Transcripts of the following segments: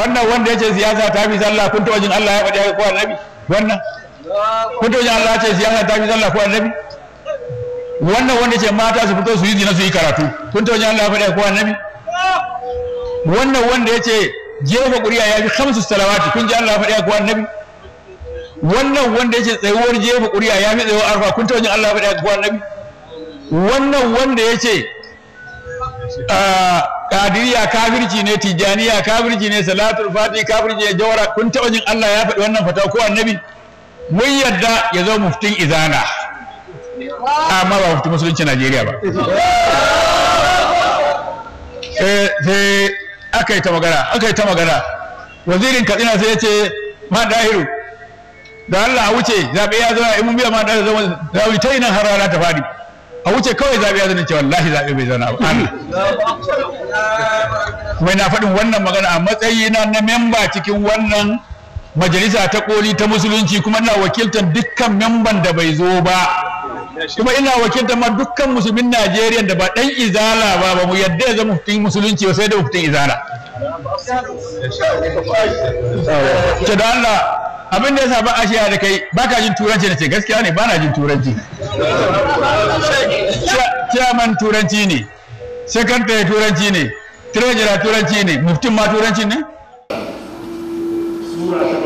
wannan wanda ya ce siyasa ta fi sallah kun tawajin Allah ya faɗi haka ko annabi wannan kun tawajin Allah ya ce siyasa ta fi sallah ko annabi wannan wanda ya ce mata su fito su yi zina su yi karatu kun tawajin Allah ya faɗi haka ko annabi wannan wanda ya ce jefa ƙuri'a ya fi hamsu salawati kun ji Allah ya faɗi haka ko annabi wannan wanda ya ce tsayuwar jefa ƙuri'a ya fi tsayuwar arfa kun tawajin Allah ya faɗi haka ko annabi wannan wanda ya ce Ah, kadiriya kafirci ne tijaniya kafirci ne salatul fati kafirci ne jawara kun taɓa jin Allah ya faɗi wannan fata ko annabi mun yadda ya zo muftin izana amma ba muftin musulunci Najeriya ba sai aka yi ta magana aka yi ta magana wazirin katsina sai ya ce ma dahiru da Allah a wuce zaɓe ya zo a imun biya ma dahiru zama yi nan har rana ta faɗi a wuce kawai zaɓe ya zana cewa lahi zaɓe bai zauna ba Allah kuma na faɗin wannan magana a matsayina na memba cikin wannan majalisa ta koli ta musulunci kuma ina wakiltar dukkan memban da bai zo ba kuma ina wakilta ma dukkan musulmin Najeriya da ba dan izala ba ba mu yadda ya zama musulunci ba sai da muftin izala ce da Allah abin da ya sa ba a shiya da kai baka jin turanci da ce gaskiya ne bana jin turanci chairman turanci ne secretary turanci ne treasurer turanci ne muftin ma turanci ne sura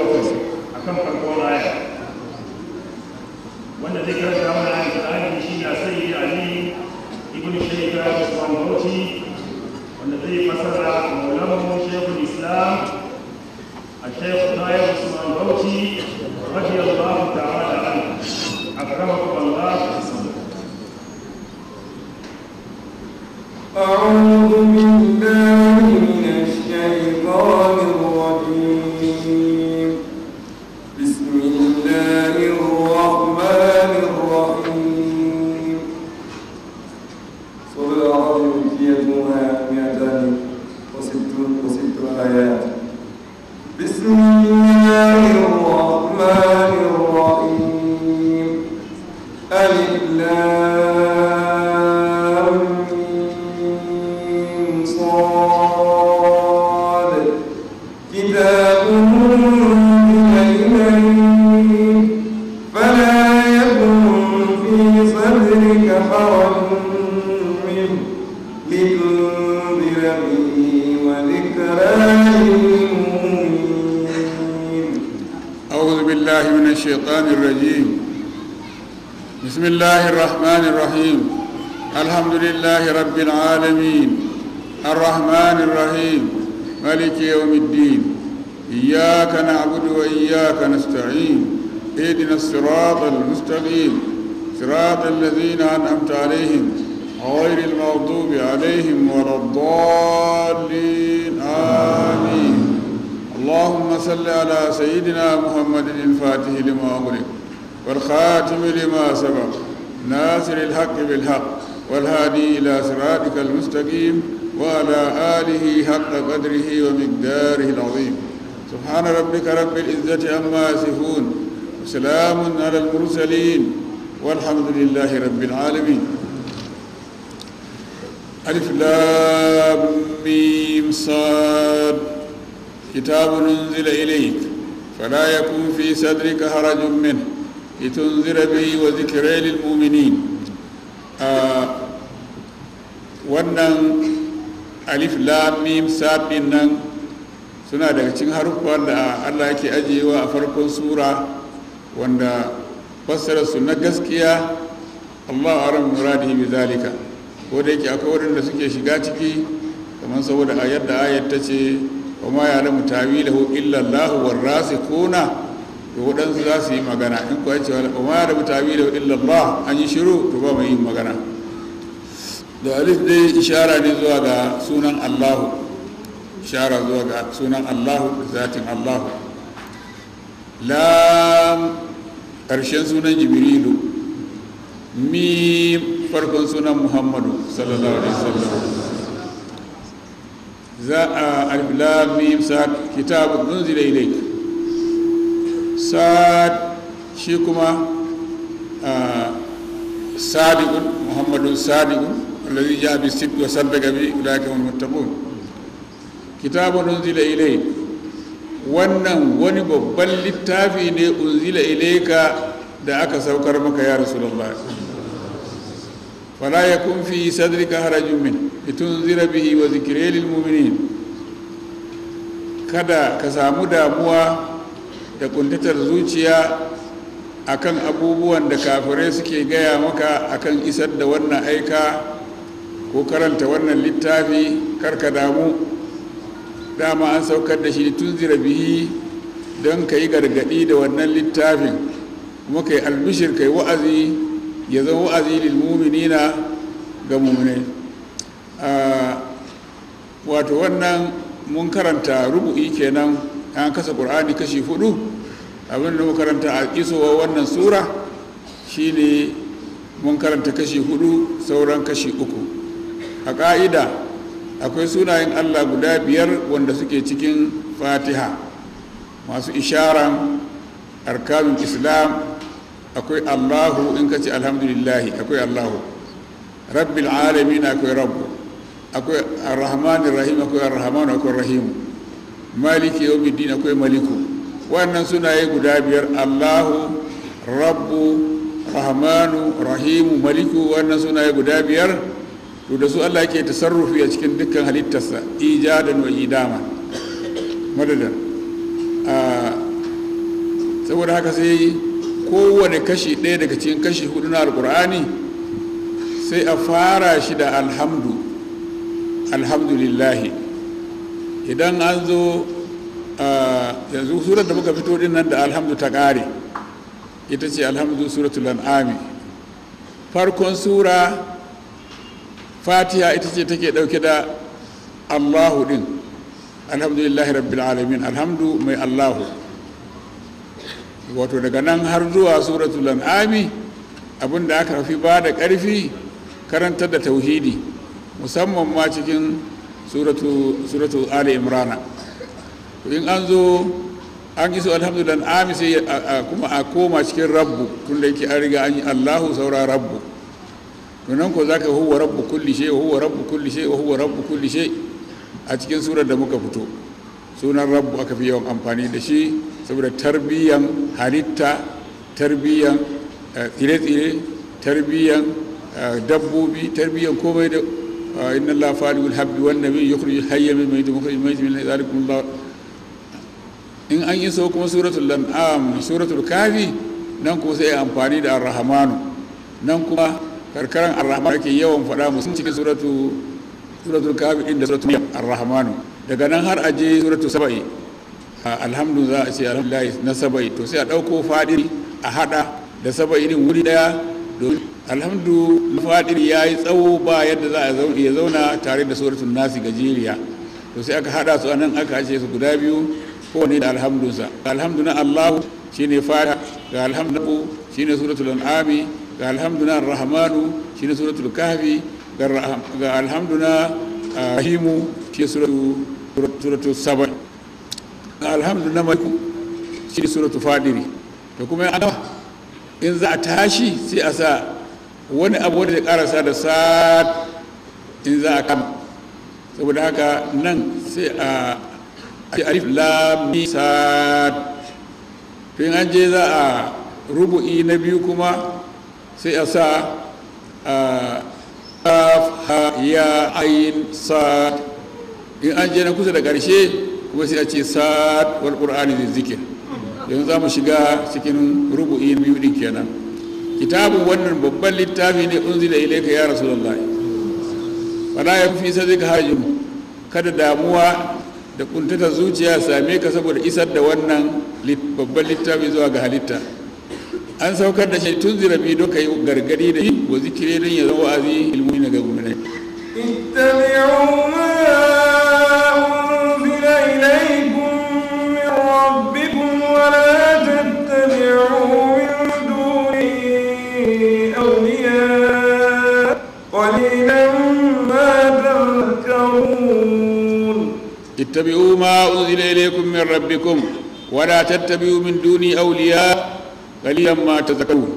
العالمين الرحمن الرحيم ملك يوم الدين إياك نعبد وإياك نستعين اهدنا الصراط المستقيم صراط الذين أنعمت عليهم غير المغضوب عليهم ولا الضالين آمين اللهم صل على سيدنا محمد الفاتح لما أمرك والخاتم لما سبق ناصر الحق بالحق والهادي إلى صراطك المستقيم وعلى آله حق قدره ومقداره العظيم سبحان ربك رب العزة عما يصفون وسلام على المرسلين والحمد لله رب العالمين ألف لام ميم صاد كتاب أنزل إليك فلا يكن في صدرك حرج منه لتنذر به وذكرى للمؤمنين آه wannan alif lamim sabin nan suna daga cikin haruffan da allah yake ajiyewa a farkon sura wanda fassara su na gaskiya allah aram muradihi bi zalika ko da yake akwai waɗanda suke shiga ciki kamar saboda ayar da ayar ta ce wa ma ya lamu tawilahu illa allah war rasikuna to waɗansu za su yi magana in kuwa cewa wa ma ya lamu tawilahu illa allah an yi shiru to ba mu yi magana da alif dai ishara ne zuwa ga sunan allahu ishara zuwa ga sunan allahu zatin allahu lam karshen sunan jibrilu mim farkon sunan muhammadu sallallahu alaihi wasallam za a alif lam mim sad kitab unzila ilayk sad shi kuma sadiqun muhammadun sadiqun الذي جاء بالصدق وصدق به هم المتقون كتاب wannan wani babban littafi ne unzila ilaika da aka saukar maka ya rasulullah fala yakun fi sadrika harajun min litunzira bihi wa zikra lil mu'minin kada ka samu damuwa da kuntatar zuciya akan abubuwan da kafirai suke gaya maka akan isar da wannan aika ko karanta wannan littafi karka damu dama an saukar da shi tun zira bihi don ka yi gargaɗi da wannan littafin kuma ka yi albishir ka yi wa'azi ya zama wa'azi nina ga mummune wato wannan mun karanta rubu'i kenan an kasa ƙur'ani kashi hudu abinda mun karanta a isowa wannan sura shine mun karanta kashi hudu sauran kashi uku a ƙa'ida akwai sunayen allah guda biyar wanda suke cikin fatiha masu isharan arkamin islam akwai allahu in ka ce alhamdulillahi akwai allahu Rabbi alalami na akwai rabbu akwai arrahmanir rahim akwai arrahmanu akwai rahimu maliki yawmiddin akwai maliku wannan sunaye guda biyar allahu rabbu rahmanu rahimu maliku wannan sunaye guda biyar to da su Allah yake tasarrufi a cikin dukkan halittarsa ijadan wa idama a saboda haka sai kowane kashi ɗaya daga cikin kashi hudu na alkur'ani sai a fara shi da alhamdu alhamdulillahi idan an zo yanzu surar da muka fito din da alhamdu ta ƙare ita ce alhamdu suratul an'ami farkon sura fatiha ita ce take dauke da allahu din alhamdulillahi rabbil alamin alhamdu mai allahu wato daga nan har zuwa suratul an'ami abinda aka fi ba da karfi karanta da tauhidi musamman ma cikin suratul ali imrana in an zo an iso alhamdulillah sai kuma a koma cikin rabbu tun da yake an riga an yi allahu saura rabbu to nan ko zaka huwa rabbu kulli shay huwa rabbu kulli shay huwa rabbu kulli shay a cikin surar da muka fito sunan rabbu aka fi yawan amfani da shi saboda tarbiyyan halitta tarbiyyan eh, tsire-tsire tarbiyyan eh, dabbobi tarbiyyan komai da eh, inna Allah fa'alul habbi wan nabi yukhrij hayya min mayyit mukhrij mayyit min zalikum Allah in an yi so kuma suratul lan'am suratul kafi nan kuma sai amfani da ar-rahmanu nan kuma karkaran arrahman ake yawan faɗa musu cikin suratu suratul kafi inda suratul maryam arrahmanu daga nan har aje suratu saba'i alhamdu za a ce alhamdulillah na saba'i to sai a ɗauko fadiri a haɗa da saba'i din wuri ɗaya domin alhamdu na fadiri ya yi tsawo ba yadda za a iya zauna tare da suratul nasi gajeriya to sai aka haɗa su a nan aka ce su guda biyu kowane da alhamdunsa alhamdu na allahu shine fara ga alhamdu shine suratul an'ami ga alhamduna rahmanu shi ne suratul kahfi ga alhamduna rahimu shi suratul sabai ga alhamduna maliku shi ne suratul fadiri da kuma ya adawa in za a tashi sai a sa wani abu da ya karasa da sa'ad in za a kama saboda haka nan sai a alif lam sa'ad to in an je za a rubu'i na biyu kuma sai a sa a ha ya ayin sa'ad in an je na kusa da ƙarshe kuma sai a ce sa'ad wal ƙur'ani da zikir yanzu za mu shiga cikin rubu'i biyu din kenan kitabun wannan babban littafi ne unzila ilayka ya lai fala ya fi zai ka hajin kada damuwa da kuntata zuciya same ka saboda isar da wannan babban littafi zuwa ga halitta an saukar da shi tun zirafi don ka yi gargadi da shi wa zikire don ya zama wa'azi ilmi na ga gudunar ittabi'u ma unzila ilaykum min rabbikum wa la tattabi'u min duni awliya qalilan ma tadhakkarun ittabi'u ma unzila ilaykum min rabbikum wa la tattabi'u min duni awliya qalilan ma tazakkarun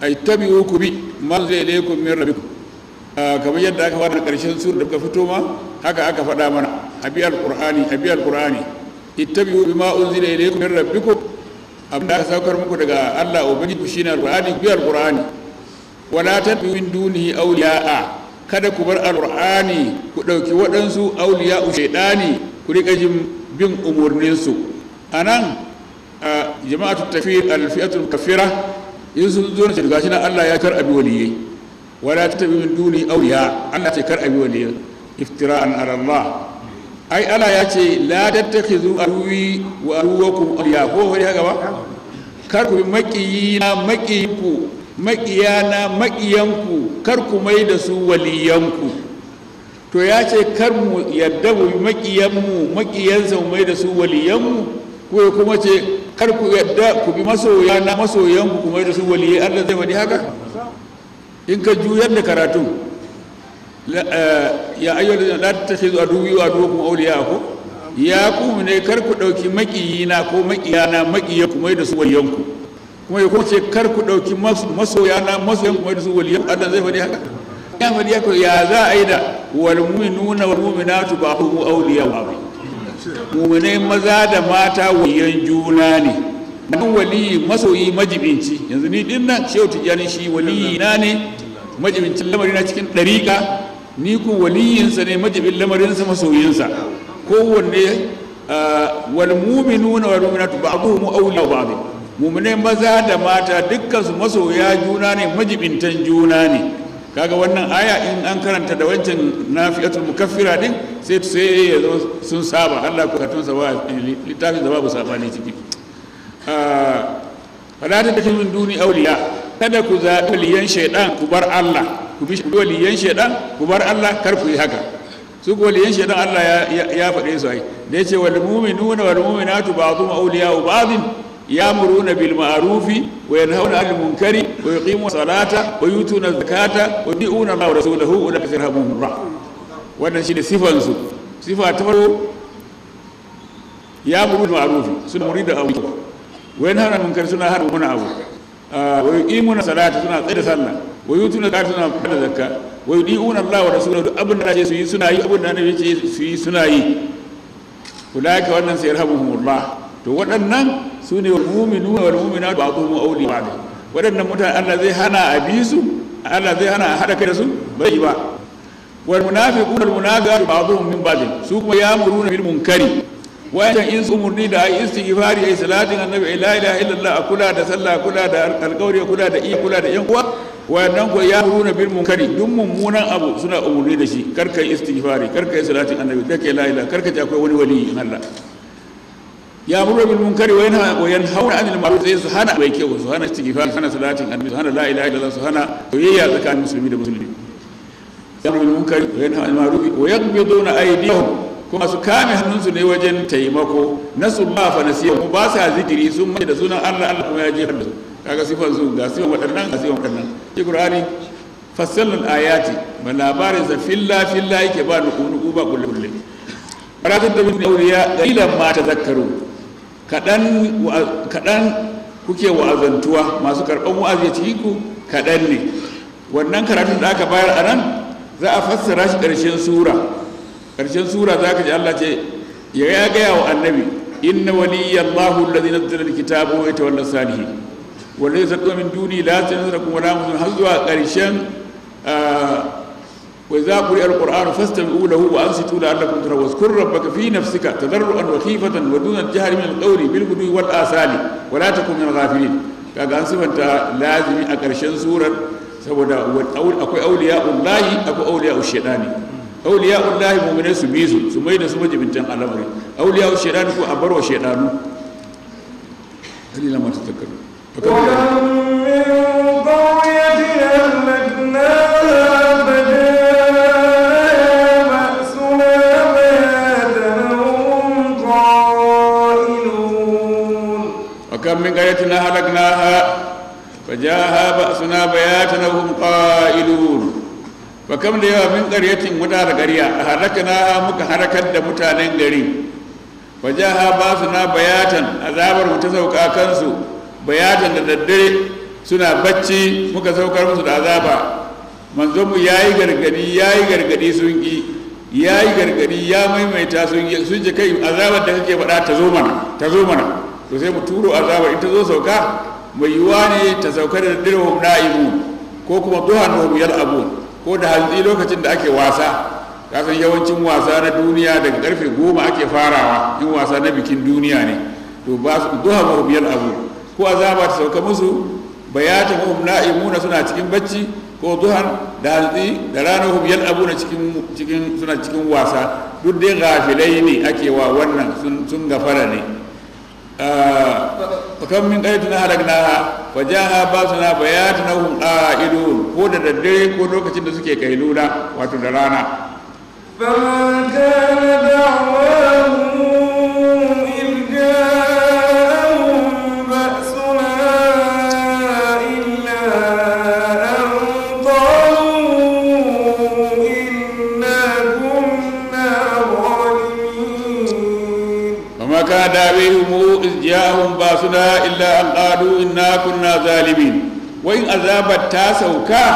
ay bi zai min rabbikum ah, kamar yadda aka fara karshen sura da muka fito ma haka aka faɗa mana abi alqur'ani abi alqur'ani ittabi'u bima unzila ilaykum min rabbikum saukar muku daga Allah ubangiji shine alqur'ani bi alqur'ani wala tabi'u min dunihi awliya'a kada ku bar alƙur'ani ku ɗauki waɗansu auliya ku rika jin bin umarninsu jama'atu tafiyar alfiyatul kafira in sun zo na shirga na Allah ya kar abi waliyai wala ta tabi min duni auliya Allah ce kar abi waliyai iftira'an ala Allah ai Allah ya ce la tattakhizu aduwi wa ku auliya ko wani haka ba kar ku makiyina makiyanku na makiyanku kar ku mai da su waliyanku to ya ce kar mu yadda mu makiyanmu makiyansa mu mai da su waliyanmu ko kuma ce kar ku yadda ku bi masoya na masoyan ku kuma da su waliye Allah zai faɗi haka in ka juyar da karatu eh, ya ayyuhal la tattakhizu aduwwi wa kuma auliya ku ya ku ne kar ku dauki na ko na makiya kuma da su waliyan ku kuma ya kuma ce kar ku dauki na masoyan kuma da su waliyan Allah zai faɗi haka ya faɗi haka ya za a yi da wal mu'minuna wal mu'minatu auliya awliya ba'd muminai maza da mata waliyan juna ne duk waliyi masoyi majibinci yanzu ni din nan shehu tijjani shi waliyi na ne majibincin lamari na cikin ɗarika ni ku waliyinsa ne majibin lamarinsa masoyinsa kowanne wal muminuna wal muminatu ba'duhum ba ne muminai maza da mata dukkan su masoya juna ne majibintan juna ne kaga wannan aya in an karanta da wancan nafi'atul mukaffira din sai to sai ya zama sun saba Allah ku katun sa ba littafin da babu sabani ciki fala ta tafi min duni awliya kada ku zaɓi liyan shaidan ku bar Allah ku bi liyan shaidan ku bar Allah kar ku yi haka su ko liyan shaidan Allah ya faɗe su ai da yace wal mu'minuna wal mu'minatu ba'dhum awliya'u ba'dhin يامرون بالمعروف وينهون عن المنكر ويقيمون الصلاة ويؤتون الزكاة ويطيعون ما ورسوله أولئك سيرهبهم الله suna muri da abu wayan har wani abu suna tsaye da sallah wa yutuna zakata suna suna suna to waɗannan su ne mu'minu wal mu'minatu ba'dhum awli ba'd waɗannan mutane Allah zai hana a bi su Allah zai hana a hada kai da su bai ba wal munafiquna wal munafiqatu ba'dhum min ba'd su kuma ya ya'muruna bil munkari wayan in su murni da ayi istighfari ayi salatin annabi la ilaha illallah akula da sallah kula da alƙawari kula da iya kula da yan uwa wayannan ko ya muruna bil munkari duk mummunan abu suna umurni da shi karkai istighfari karkai salatin annabi karkai la ilaha karkai akwai wani wali in Allah يأمر بالمنكر وينهى وينهون عن المعروف زي سهانا ويكي وسهانا استغفار سهانا a النبي سهانا لا إله إلا da سهانا ويا زكاة المسلمين المسلمين يأمر بالمنكر وينهى عن المعروف ويقبضون أيديهم kuma su kame hannunsu ne wajen taimako nasu ba fa nasiya mu ba sa zikiri sun mai da sunan Allah Allah kuma ya jefar da su kaga sifan su ga sifan waɗannan ga sifan waɗannan shi Qur'ani ayati ba labarin sa filla filla yake ba nuku nuku ba kullu kullu barakat da min awliya qalilan ma tazakkaru kaɗan kuke wa'azantuwa masu karɓar wa'azi ya ku kaɗan ne wannan karatun da aka bayar a nan za a fassara shi ƙarshen sura ƙarshen sura za ka ji allah ce ya ya gaya wa annabi inna waliyya allahu alladhi nazzala alkitaba wa yatawalla salihin wallahi sadqa min duni la tanzura kum wala muzun har zuwa ƙarshen ah, وإذا قرئ القرآن فاستمعوا له وأنصتوا لعلكم ترون واذكر ربك في نفسك تضرعا وخيفة ودون الجهر من القول بالغدو والآثار ولا تكن من الغافلين كان أنصف أنت لازم أكرشن سورة سبدا أكو أولياء الله أكو أولياء الشيطان أولياء الله مؤمنين سميز سمين سمج من تنقى الأمر أولياء الشيطان هو أبر وشيطان هل لما تتذكر ومن قوية أهلكناها من قريتنا هلكناها فجاءها بأسنا بياتنا وهم قائلون فكم ليوا من قرية مدار قرية هلكناها مك متانين فجاءها بأسنا بياتنا أذابر متسوك أكنسو بياتا للدري suna bacci muka saukar musu da azaba manzonmu ya yi gargadi ya yi gargadi sun ya yi gargadi ya maimaita sun yi sun ji kai azabar da kake faɗa ta zo mana ta zo mana to sai mu turo azaba in ta zo sauka mai yiwuwa ne ta sauka da dirhum na'imu ko kuma duhanhum abu ko da hantsi lokacin da ake wasa san yawancin wasa na duniya daga karfe goma ake farawa in wasa na bikin duniya ne to ba su duhanhum abu ko azaba ta sauka musu bayatanhum na suna cikin bacci ko duhan da hantsi da ranar hum yal'abuna cikin cikin suna cikin wasa duk dai gafilai ne ake wa wannan sun gafara ne Ah, kan min ɗaya na halagna fa ha ba suna bayatu na hun ido ko da daddare ko lokacin da suke kai luna wato da rana. إياهم باسنا إلا أن قالوا إنا كنا ظالمين وإن أذابت تاسوكا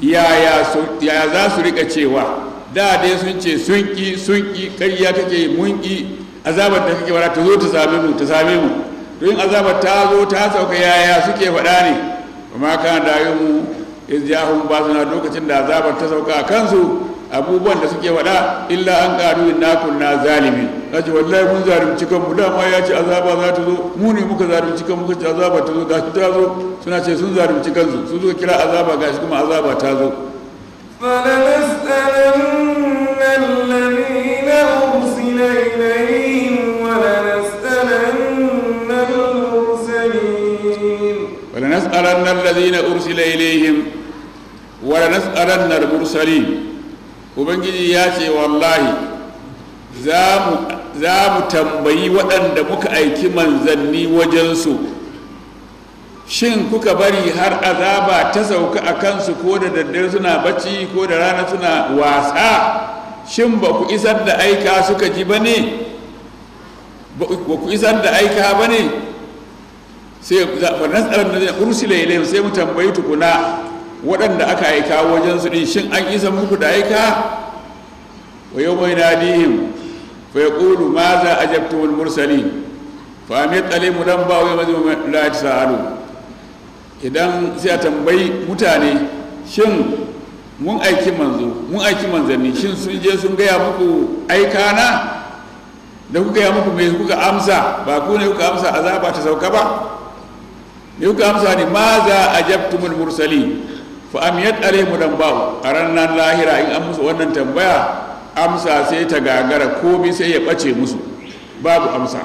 يا يا يا ذا da dai sun ce sun ki sun ki ƙarya kake azabar da kake wara ta zo ta same mu ta azabar ta zo ta sauka yaya suke faɗa ne amma kana da yi mu basuna lokacin da azabar ta sauka a kansu abubuwan da suke wada illa an qalu na kunna zalimin ce wallahi mun kan kanmu dama ya ce azaba za ta zo mu ne muka kan kanmu ce azaba ta zo gashi ta zo suna ce sun zalunci kansu su zo kira azaba gashi kuma azaba ta zo فلنسألن ولنسألن الذين أرسل إليهم ولنسألن المرسلين ubangiji ya ce wallahi za mu tambayi waɗanda muka aiki manzanni wajensu shin kuka bari har azaba ta sauka a kansu ko da daddare suna bacci ko da rana suna wasa shin ba ku isar da aika suka ji ba ne ba ku isar da aika ba ne sai ku zaɓa nasarar da zai ursula ilayhim sai mu tambayi tukuna waɗanda aka aika wajen su ɗin shin an isa muku da aika wa yau mai nadihim fa ya ƙulu ma za a jabta wani mursali fa mai tsale mu dan ba wai mazi mulati sa'alu idan sai a tambayi mutane shin mun aiki manzo mun aiki manzanni shin sun je sun gaya muku aika na da kuka yi muku mai kuka amsa ba ku ne kuka amsa a ba ta sauka ba ne kuka amsa ne ma za a wani mursali fa amiyat mu dan bawo a ranar lahira in an musu wannan tambaya amsa sai ta gagara ko bi sai ya bace musu babu amsa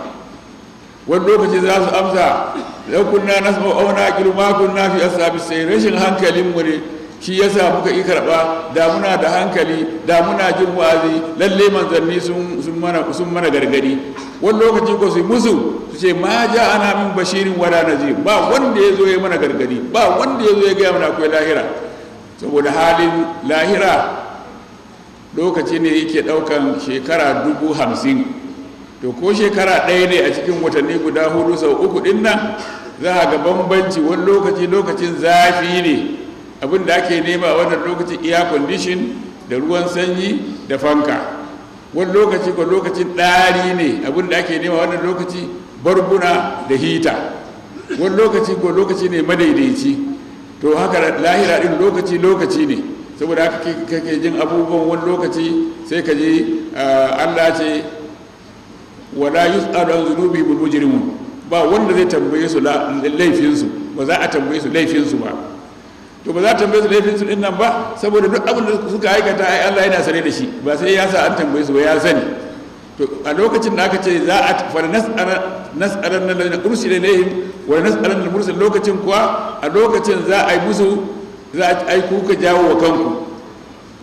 wani lokaci za su amsa lau kunna nasma'u auna kilma kunna fi asabi sai rashin hankalin mu ne shi ya sa muka yi karɓa, damuna da hankali damuna jin wazi lalle manzanni sun mana gargadi wani lokaci ko su musu su ce ma ja ana min bashirin wada na nazir ba wanda ya zo ya mana gargadi ba wanda ya zo ya gaya mana akwai lahira saboda halin lahira lokaci ne yake ɗaukan shekara dubu hamsin to ko shekara ɗaya ne a cikin watanni guda hudu sau uku ɗin nan za a ga bambanci wani lokaci lokacin zafi ne abin da ake nema wannan lokacin iya condition da ruwan sanyi da fanka wani lokaci ko lokacin ɗari ne abin da ake nema wannan lokaci barbuna da hita wani lokaci ko lokaci ne madaidaici to haka lahira ɗin lokaci lokaci ne saboda haka kake jin abubuwan wani lokaci sai ka ji ah, allah ce wala yus'alu an zunubi bil ba wanda zai tambaye su laifinsu ba za a tambaye su laifinsu ba to ba za ta tambaye su laifin su din nan ba saboda duk abin da suka aikata ai Allah yana sane da shi ba sai ya sa an tambaye su ba ya sani to a lokacin da aka ce za a fa nas'alan nan kursi da ilaihim wa nas'alan nan mursal lokacin kuwa a lokacin za a yi musu za a ai ku ka jawo wa kanku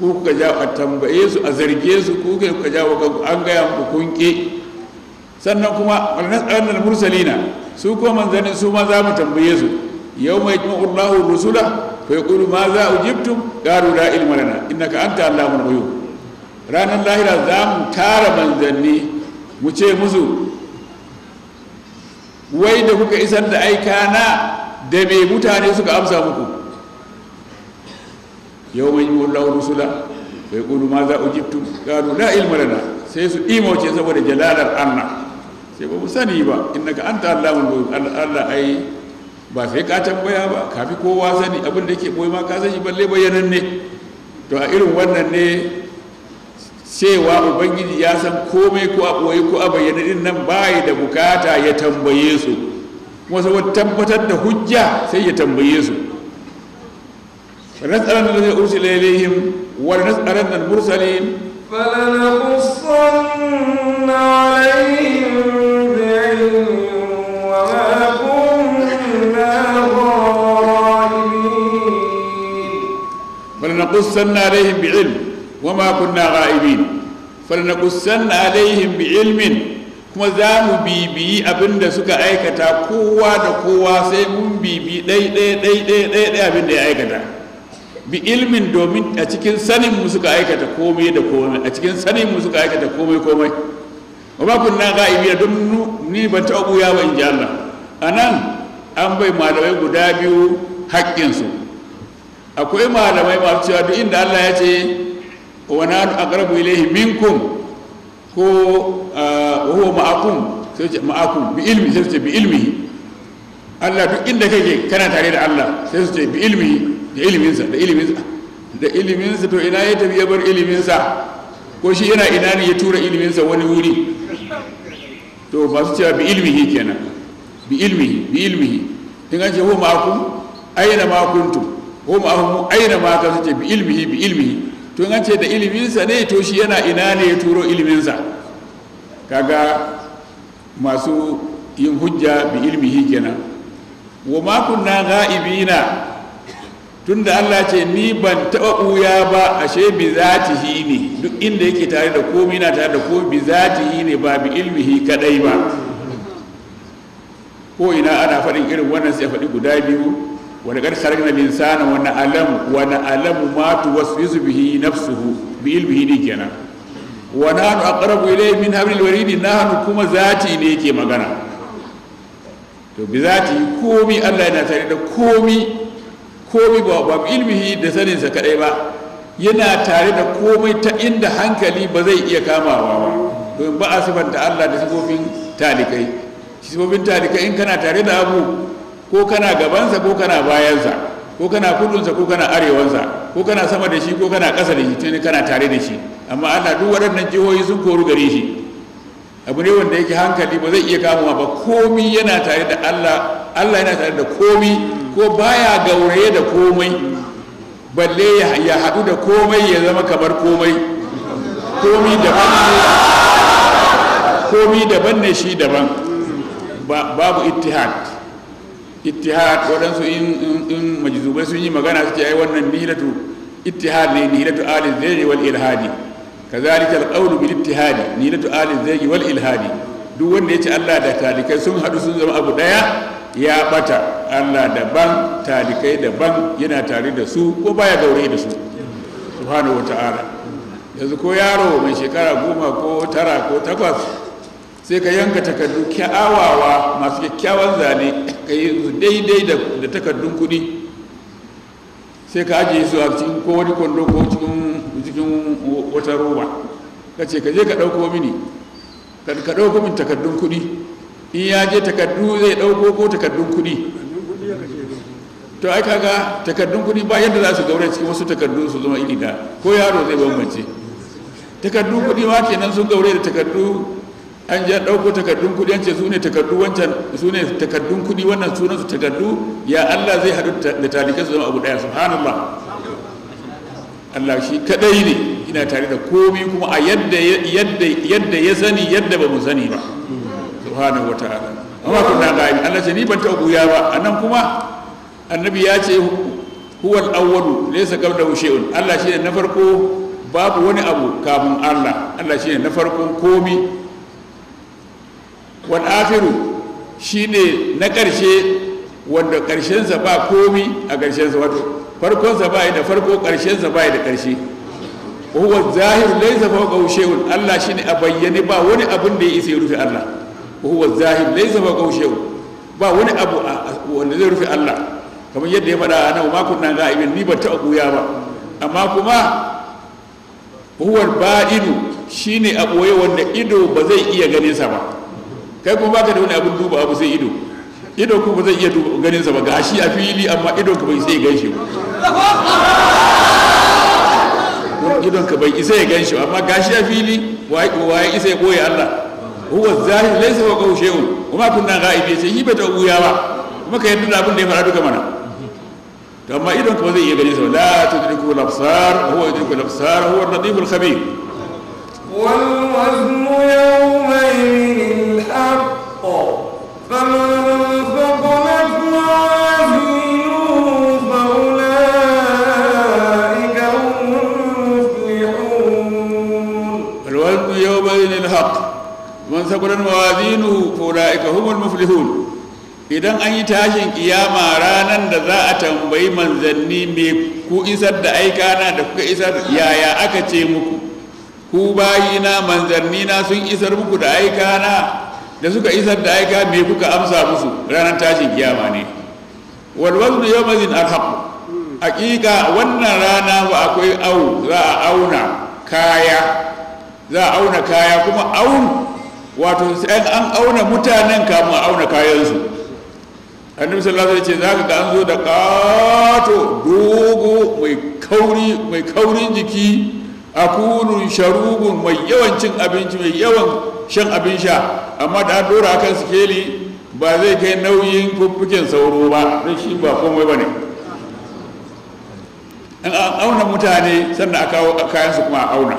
ku ka jawo a tambaye su a zarge su ku ka jawo wa kanku an gaya muku kun sannan kuma wa nas'alan al mursalina su kuma manzanin su ma za mu tambaye su yawma yajma'u Allahu rusula fa yaqulu ma za ujibtum qalu la ilma lana innaka anta allamul ghuyub ranar lahira za mu tara manzanni mu ce musu wai da kuka isar da aika na da me mutane suka amsa muku yawma yajma'u Allahu rusula fa yaqulu ma za ujibtum qalu la ilma lana sai su imauce saboda jalalar Allah sai ba mu sani ba innaka anta allamul ghuyub Allah ai ba sai ka tambaya ba kafi kowa sani abin da ke boye ma ka sani balle bayanan ne to a irin wannan ne cewa ubangiji ya san komai ko a boye ko a bayyana din nan bai da bukata ya tambaye su kuma saboda tabbatar da hujja sai ya tambaye su da zai فنسألن الذين أرسل إليهم mursalin المرسلين فلنقصن عليهم لنقصن عليهم بعلم وما كنا غائبين فلنقصن عليهم بعلم kuma za mu bibiyi abin da suka aikata kowa da kowa sai mun bibi ɗai-ɗai-ɗai-ɗai abin da ya aikata bi ilmin domin a cikin sanin mu suka aikata komai da komai a cikin sanin mu suka aikata komai komai wa ma kunna ga'ibi don ni ban taɓa ya ba in ji Allah nan an bai malamai guda biyu haƙƙinsu akwai malamai masu cewa duk inda Allah ya ce wa na aqrabu ilayhi minkum ko ah, huwa ma'akun sai ce bi ilmi sai ce bi ilmi Allah duk inda kake kana tare da Allah sai su ce bi ilmi da iliminsa da iliminsa da iliminsa to ina ya tafi yabar iliminsa ko shi yana ina ne ya tura iliminsa wani wuri to masu cewa bi ilmi kenan bi ilmi bi ilmi in an ce huwa ma'akun aina ma ma ma'ahu aina ma ka bi ilmihi bi ilmihi to an ce da iliminsa ne to shi yana ina ne ya turo iliminsa kaga masu yin hujja bi ilmihi kenan wa ma kunna ghaibina tunda Allah ce ni ban taba buya ba ashe bi zatihi ne duk inda yake tare da komai na tare da komai bi zatihi ne ba bi ilmihi kadai ba ko ina ana faɗin irin wannan sai faɗi guda biyu ولقد خلقنا الإنسان ونعلم ونعلم ما توسوس به نفسه بإلمه نيكينا ونحن أقرب إليه من حبل الوريد نحن كما ne نيكي مغانا to bi zati komi Allah yana tare da komi komi ba ba ilmihi da sanin sa kadai ba yana tare da komai ta inda hankali ba zai iya kamawa ba domin ba a sifanta Allah da sifofin talikai sifofin talikai in kana tare da abu ko kana gabansa ko kana bayansa ko kana kudunsa ko kana arewansa ko kana sama da shi ko kana ƙasa da shi tuni kana tare da shi amma allah duk waɗannan jihohi sun koru gare shi abu ne wanda yake hankali ba zai iya kamuwa ba komi yana tare da allah allah yana tare da komi ko baya gauraye da komai balle ya haɗu da komai ya zama kamar komai komi daban ne komi daban ne shi daban babu ittihad ittihad waɗansu in majizubai sun yi magana suke ai wannan nihilatu ittihad ne nihilatu alil zayyi wal ilhadi kazalika alqawlu bil ittihad nihilatu alil zayyi wal ilhadi duk wanda ya ce Allah da talikai sun haɗu sun zama abu ɗaya ya bata Allah daban talikai daban yana tare da su ko baya gaure da su subhanahu wata'ala yanzu ko yaro mai shekara goma ko tara ko takwas sai ka yanka takardu kyawawa masu kyakkyawan zane ka yi daidai da takardun kuɗi sai ka ajiye su a cikin ko wani kwando ko cikin wata roba ka ce ka je ka ɗauko mini ka ɗauko min takardun kuɗi in ya je takardu zai ɗauko ko takardun kuɗi to ai kaga takardun kuɗi ba yadda za su gaure cikin wasu takardu su zama iri da ko yaro zai bambance takardun kuɗi ma kenan sun gaure da takardu an je ɗauko takardun kuɗi an ce su ne takardu wancan su ne takardun kuɗi wannan sunan su takardu ya Allah zai haɗu da talikai su zama abu ɗaya subhanallah Allah shi kadai ne ina tare da komi kuma a yadda yadda yadda ya sani yadda ba mu sani ba subhanahu wataala amma kun da ga Allah ce ni ban ta buya ba anan kuma annabi ya ce huwa al-awwalu laysa qablahu shay'un Allah shi ne na farko babu wani abu kafin Allah Allah shi ne na farkon komi wal'afiru shi ne na ƙarshe wanda ƙarshensa ba komi a ƙarshensa wato farkonsa ba da farko ƙarshensa ba da ƙarshe huwa zahir laysa fawqa shay'un Allah shine a bayyane ba wani abin da ya isa ya rufe Allah huwa zahir laysa fawqa shay'un ba wani abu wanda zai rufe Allah kamar yadda ya faɗa nan ma kunna ga'ibin ni ba ta buya ba amma kuma huwa shi shine a boye wanda ido ba zai iya ganin sa ba kai kuma baka da wani abin duba abu sai ido ido kuma zai iya duba ganin sa ba gashi a fili amma ido ka bai sai gan shi ba idon ka bai isa ya gan shi amma gashi a fili waye isa ya koya Allah huwa zahir laysa wa qaw shay'u kuma kunna ga'ibi sai yi bata uya ba kuma ka yadda abin da ya fara duka mana to amma idon ka zai iya ganin sa ba la tudriku al-absar huwa yudriku al-absar huwa al-latif al-khabir wal wazn yawma idan an yi tashin kiyama ranar da za a tambayi manzanni mai ku isar da aikana da kuka isar yaya aka ce muku ku bayina manzanni na sun isar muku da aikana da suka isar da aika me kuka amsa musu ranar tashin kiyama ne wal waznu yawmazin arhaq hakika wannan rana ba akwai au za a auna kaya za a auna kaya kuma aun wato sai an auna mutanen kamun auna kayansu annabi sallallahu alaihi wasallam ce zaka ga an zo da kato dogo mai kauri mai kaurin jiki kunun sharubun mai yawan abinci mai yawan shan abin sha amma da an dora akan sikeli ba zai kai nauyin fuffukin sauro ba don shi ba komai ba ne an auna mutane sannan a kawo kayan su kuma a auna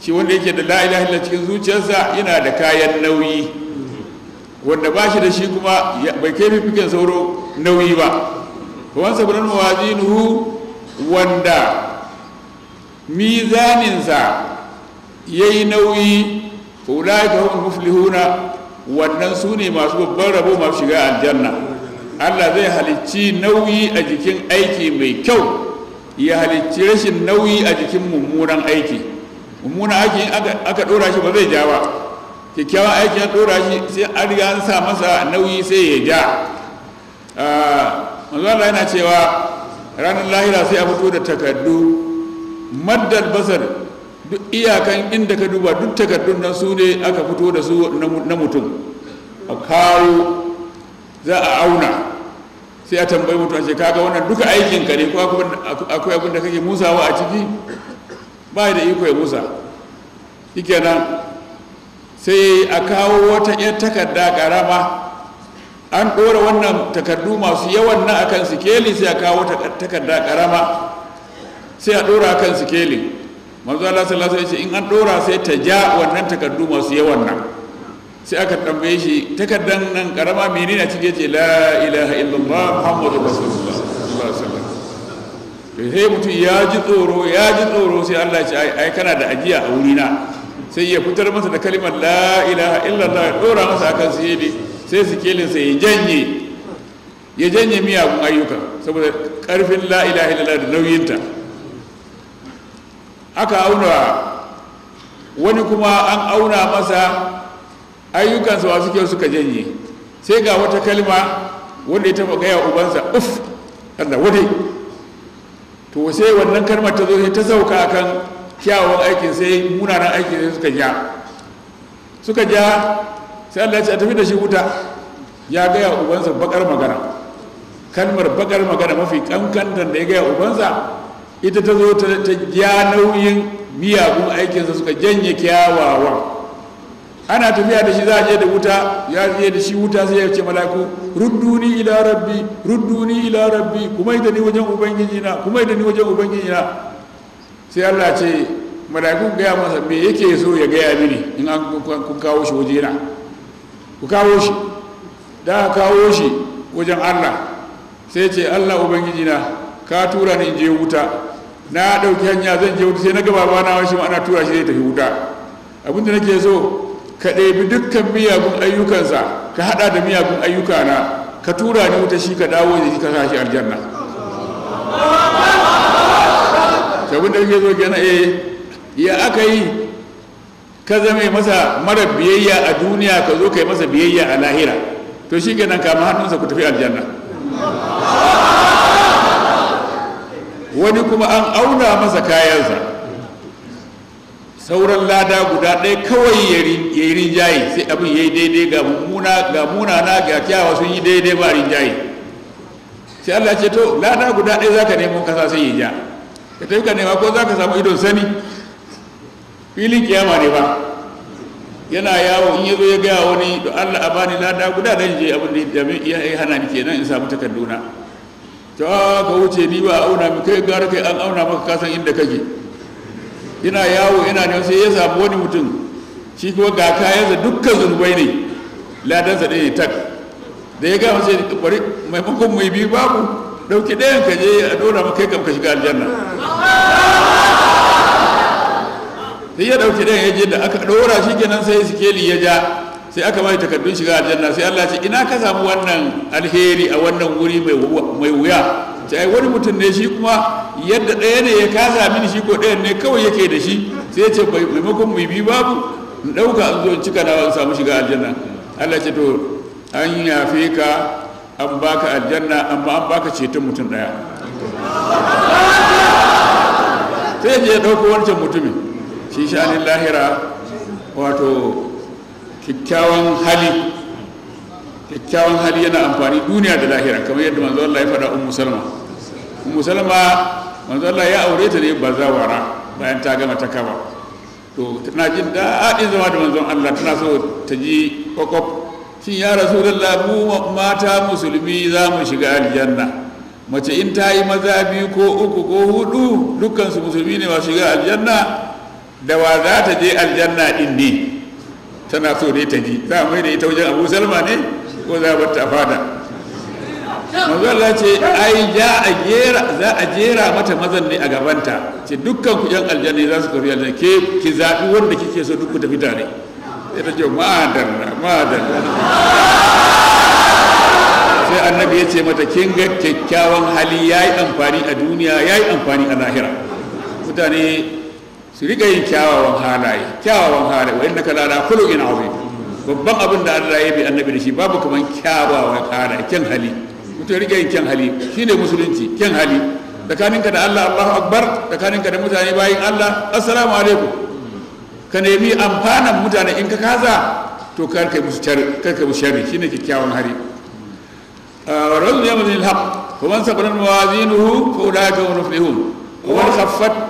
shi wanda yake da la'ila cikin zuciyarsa yana da kayan nauyi wanda ba shi da shi kuma bai kai fuffukin sauro nauyi ba kawan sabirin mawazinuhu wanda mizaninsa ya yi nauyi fa ulaika humul muflihuna wannan su ne masu babban rabo masu shiga aljanna Allah zai halicci nauyi a jikin aiki mai kyau ya halicci rashin nauyi a jikin mummunan aiki mummunan aiki aka ɗora shi ba zai ja ba kyakkyawan aiki an dora shi sai an riga an sa masa nauyi sai ya ja ah, manzo Allah yana cewa ranar lahira sai a fito da takardu maddal basar duk iyakan inda ka duba duk takardun nan su ne aka fito da su na mutum a kawo za a auna sai a tambayi mutum a kaga wannan duka aikin ka ne ko akwai abin da kake musawa a ciki ba da iko ya musa nan sai a kawo wata 'yan takarda karama an ɗora wannan takardu masu yawan na akan sikeli sai a kawo takarda karama sai a ɗora akan sikeli manzo Allah sallallahu alaihi wasallam in an dora sai ta ja wannan takardu masu yawan nan sai aka tambaye shi takardan nan karama menene cikin ce la ilaha illallah muhammadur rasulullah sallallahu alaihi wasallam sai mutum ya ji tsoro ya ji tsoro sai Allah ya ce ai kana da ajiya a wurina sai ya fitar masa da kalimar la ilaha illallah ya dora masa akan sai sai sikelin sai ya janye ya janye miyagun ayyuka saboda karfin la ilaha illallah da nauyinta aka auna wani kuma an auna masa ayyukansa masu kyau suka janye sai ga wata kalma wanda ya taba gaya ubansa uf Allah wadai to sai wannan kalmar ta zo sai ta sauka akan kyawun aikin sai munanan aikin sai suka ja suka ja sai Allah ya ce a tafi da shi wuta ya gaya ubansa bakar magana kalmar bakar magana mafi kankan da ya gaya ubansa ita ta zo ta ja nauyin miyagun aikinsa suka janye kyawawan ana tafiya da shi za a je da wuta ya fiye da shi wuta sai ya ce malaku rudduni ila rabbi rudduni ila rabbi kuma ita ni wajen ubangiji na kuma ita ni wajen ubangiji na sai Allah ce malaku gaya masa me yake so ya gaya mini in an kun kawo shi waje na ku kawo shi da kawo shi wajen Allah sai ce Allah ubangiji na ka tura ni in je wuta na ɗauki hanya zan je wuta sai na gaba bana wani shi ana tura shi zai tafi wuta abin da nake so ka ɗebi dukkan miyagun ayyukansa ka haɗa da miyagun ayyukana ka tura ni wuta shi ka dawo da shi ka sa shi aljanna abin da nake so kenan eh ya aka yi ka zame masa mara biyayya a duniya ka zo ka yi masa biyayya a lahira to shi kenan ma hannunsa ku tafi aljanna wani kuma an auna masa kayansa sauran lada guda ɗaya kawai ya yi rinjaye sai abin ya yi daidai ga muna ga na ga kyawa sun yi daidai ba rinjaye sai allah ce to lada guda ɗaya za ka nemo kasa sai ya ja ka tafi ka nema ko za ka samu idon sani filin kiyama ne ba yana yawo in ya zo ya gaya wani to allah a bani lada guda ɗaya je abin da ya hana ni kenan in samu takarduna ta ka wuce ni ba auna mai kai gara kai an auna maka kasan inda kake ina yawo ina ne sai ya samu wani mutum shi kuma ga kayansa dukkan zunubai ne ladansa ɗaya ne tak da ya gama sai bari maimakon mai biyu babu ɗauki ɗayan ka je a dora maka kai kam ka shiga aljanna sai ya ɗauki ɗayan ya je da aka ɗora shi kenan sai sikeli ya ja sai aka bai takardun shiga aljanna sai Allah ce ina ka samu wannan alheri a wannan wuri mai wuya sai wani mutum ne shi kuma yadda ɗaya ne ya kasa mini shi ko ɗayan ne kawai yake da shi sai ya ce maimakon mu bi babu in ɗauka an zo cika na in samu shiga aljanna Allah ce to an yafe ka an baka aljanna amma an baka ceton mutum ɗaya sai ce ya ɗauko wancan mutumin shi shanin lahira wato kyakkyawan hali kyakkyawan hali yana amfani duniya da lahira kamar yadda manzo Allah ya fada ummu salma ummu salma manzo Allah ya aure ta ne bazawara bayan ta gama ta kaba to tana jin daɗin zama da manzon Allah tana so ta ji kwakwaf shin ya rasulullah mu mata musulmi za mu shiga aljanna mace in ta yi maza biyu ko uku ko hudu dukkan su musulmi ne ba shiga aljanna da wa za ta je aljanna din ne tana so ne ta ji za a mai da ita wajen abu salma ne ko za a bar ta fada manzo Allah ce ai za a jera za a jera mata mazan ne a gabanta ce dukkan ku yan aljanna za su tafi aljanna ke ki zabi wanda kike so duk ku tafi tare sai ta ce ma'adanna ma'adanna sai annabi ya ce mata kin ga kyakkyawan hali yayi yi amfani a duniya yayi yi amfani a lahira mutane su riga yin kyawawan halaye kyawawan halaye wa innaka lana khuluqin azim babban abin da Allah ya bi annabi da shi babu kaman kyawawan halaye kyan hali mutum riga yin kyan hali shine musulunci kyan hali tsakaninka da Allah Allahu akbar tsakaninka da mutane bayin Allah assalamu alaikum ka nemi amfanan mutane in ka kaza to kar kai musu shari kar kai musu shari shine kyakkyawan hali. Ah, rajul yamzil haqq kuma sabaran mawazinuhu fa ulaika hum muflihun wa khaffat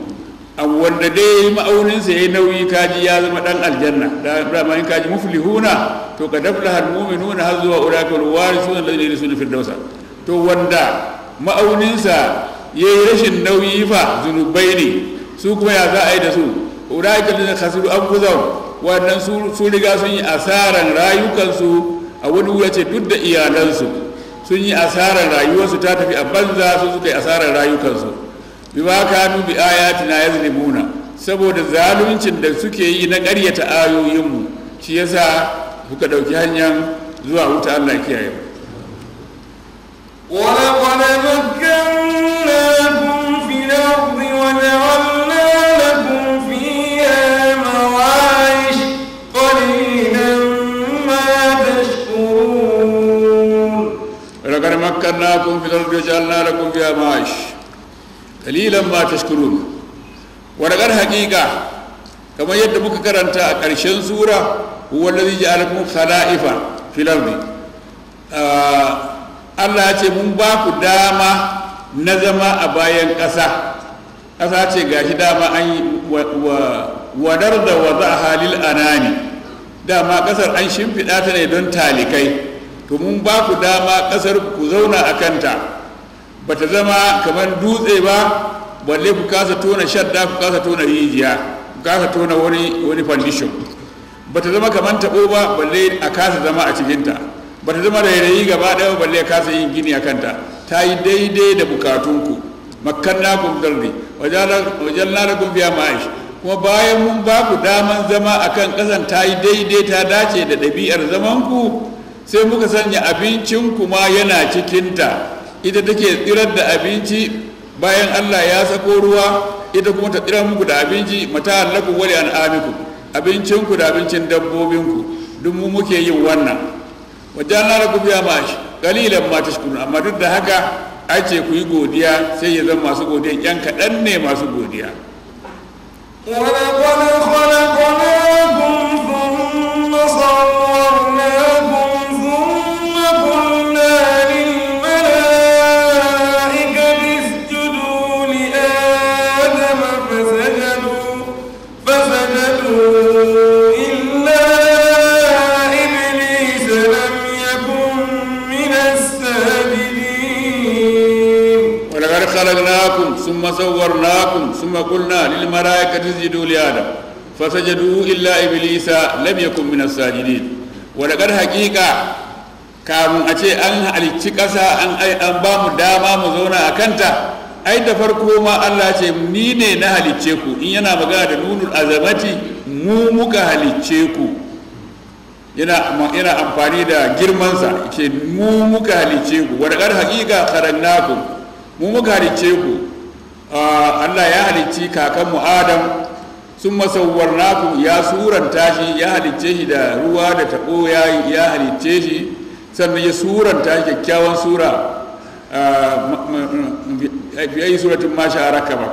wanda dai ma'auninsa ya yi nauyi kaji ya zama dan aljanna da dama in kaji huna to ka dafla har nuna har zuwa ulaka wal warisuna alladhina da firdausa to wanda ma'auninsa ya yi rashin nauyi fa zunubai ne su kuma ya za a yi da su ka suru an kuzau wannan su riga sun yi asaran rayukansu a wani wuya ce duk da iyalansu sun yi asaran rayuwarsu ta tafi a banza su suka yi asaran rayukansu bima kanu bi ayatina yazlimuna saboda zaluncin da suke yi na ƙaryata ayoyinmu shi yasa kuka ɗauki hanyar zuwa wuta Allah kiyaye mu ولقد مكناكم في الأرض وجعلنا لكم فيها معايش قليلا ما تشكرون ولقد مكناكم في الأرض وجعلنا لكم فيها معايش dalilan ma tashkurun wadagar haƙiƙa kamar yadda muka karanta a ƙarshen sura zai ji ja'alakum khala'ifa fil ah, Allah ya ce mun ba ku dama na zama a bayan ƙasa ƙasa ce gashi dama an yi wadar da a halil anani dama ƙasar an shimfiɗa ta ne don talikai to mun ba ku dama ƙasar ku zauna a kanta ba ta zama kamar dutse ba balle ku kasa tona shadda ku kasa tona rijiya ku kasa tona wani wani foundation ba ta zama kamar tabo ba balle a kasa zama a cikinta ba ta zama rairayi gaba ba balle a kasa yin gini a kanta ta yi daidai da bukatun bukatunku makanna kun gardi wajen larakun biya ma'aish kuma bayan mun ba ku daman zama akan kasan ta yi daidai ta dace da ɗabi'ar zamanku sai muka sanya abincin ma yana cikinta ita take tsirar da abinci bayan Allah ya sako ruwa ita kuma ta tsirar muku da abinci mata hallakun wani amiku abincinku da abincin dabbobinku duk mu muke yin wannan wajen lara ku biya ma shi kalilan ma ta shukuru amma duk da haka ake ku yi godiya sai ya zama masu godiya yan kaɗan ne masu godiya ولقد خلقناكم ثم ثم صورناكم ثم قلنا للملائكة اسجدوا illa فسجدوا lam yakun min as-sajidin wa ولقد حقيقة kamun a ce an halicci ƙasa an ai an ba mu dama mu zauna a kanta ai da farko ma Allah ce ni ne na halicce ku in yana magana da nunul azamati mu muka halicce ku yana amfani da girmansa ce mu muka halicce ku wadakar haƙiƙa karannakum mu muka halicce ku Ah, Allah ya halicci kakanmu Adam sun masauwar naku ya suranta shi ya halicce shi da ruwa da taɓo ya halicce shi sannan ya suranta shi kyakkyawan sura yi ah, suratun ma raka ba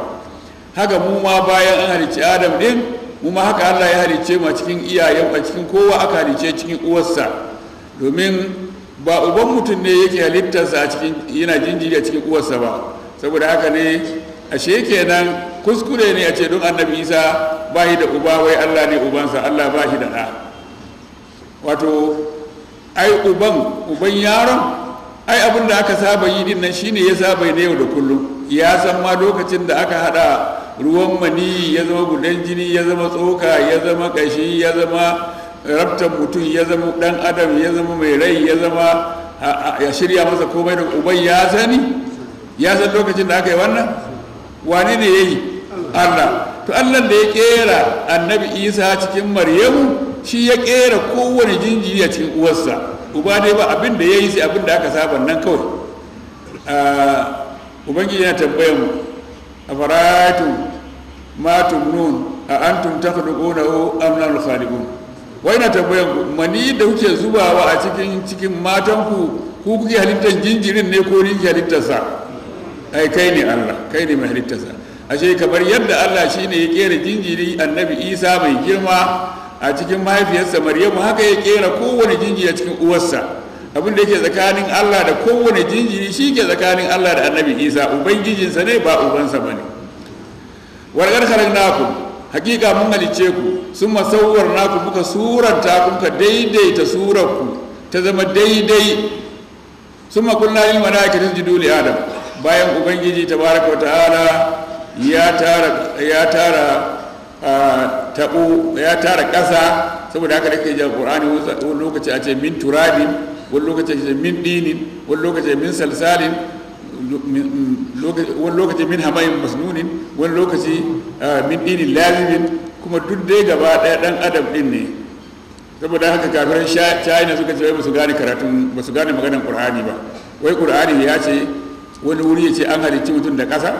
haka mu ma bayan an halicci adam ɗin mu ma haka Allah ya halicce ma cikin iyayen a cikin kowa aka halicce cikin uwarsa domin ba uban mutum ne yake halittarsa a cikin yana jinjiri a cikin uwarsa ba saboda haka ne ashe kenan kuskure ne a ce duk annabi isa ba shi da uba wai allah ne ubansa allah ba shi da ɗa wato ai uban uban yaron ai abin da aka saba yi din nan shine ya saba ne yau da kullum ya san ma lokacin da aka hada ruwan mani ya zama gudan jini ya zama tsoka ya zama kashi ya zama rabtar mutum ya zama dan adam ya zama mai rai ya zama ya shirya masa komai da uban ya sani ya san lokacin da aka yi wannan wani ne ya yi allah to allah da ya kera annabi isa cikin maryamu shi ya kera kowane jinjiri a cikin uwarsa uba dai ba abin da ya yi sai abin da aka saba nan kawai ubangiji yana tambayar mu a faratu matum nun a antum ta faɗi ƙona o amnan khalibun wai na tambayar ku mani da kuke zubawa a cikin cikin matan ku ku kuke halittar jinjirin ne ko ni halittarsa ai kai ne Allah kai ne mai halittarsa ashe kamar yadda Allah shi ne ya kera jinjiri annabi Isa mai girma a cikin mahaifiyarsa Maryamu haka ya kera kowane jinjiri a cikin uwarsa abin da yake tsakanin Allah da kowane jinjiri shi ke tsakanin Allah da annabi Isa ubangijinsa ne ba ubansa ba bane wargar naku hakika mun halice ku sun masauwar naku muka suranta kuka daidaita surarku ta zama daidai sun makunna ilmana ake tasjudu li adam bayan ubangiji tabaraka ta'ala ya tara ya tara ƙasa ya tara kasa saboda haka da ke jan qur'ani wani lokaci a ce min turabin wani lokaci a ce min dinin wani lokaci min salsalin wani lokaci min hamayin masnunin wani lokaci min dinin lazimin kuma duk dai gaba ɗaya ɗan adam ɗin ne saboda haka kafirin china suka ce wai ba su gane karatun ba su gane maganar qur'ani ba wai qur'ani ya ce wani wuri ya ce an halicci mutum da ƙasa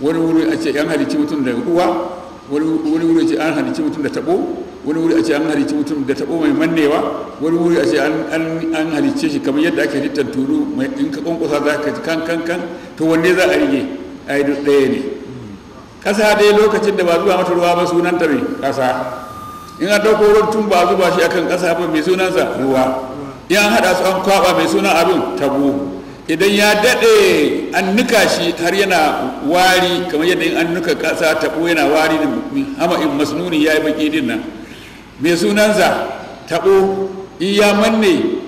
wani wuri a ce an halicci mutum da ruwa wani wuri ya ce an halicci mutum da tabo wani wuri a ce an halicci mutum da tabo mai mannewa wani wuri a ce an halicce shi kamar yadda ake littan turu mai in ka kwankwasa za ka kan kan kan to wanne za a rige a yi ɗaya ne ƙasa dai lokacin da ba zuwa mata ruwa ba sunan ta mai ƙasa in an ɗauko ruwan tun ba zuba shi akan ƙasa ba mai sunansa ruwa in an haɗa su an kwaɓa mai sunan abin tabo idan ya daɗe an nuka shi har yana wari kamar yadda an nuka ƙasa taɓo yana wari da hama'in masnuni ya yi baƙi din nan mai taɓo in ya manne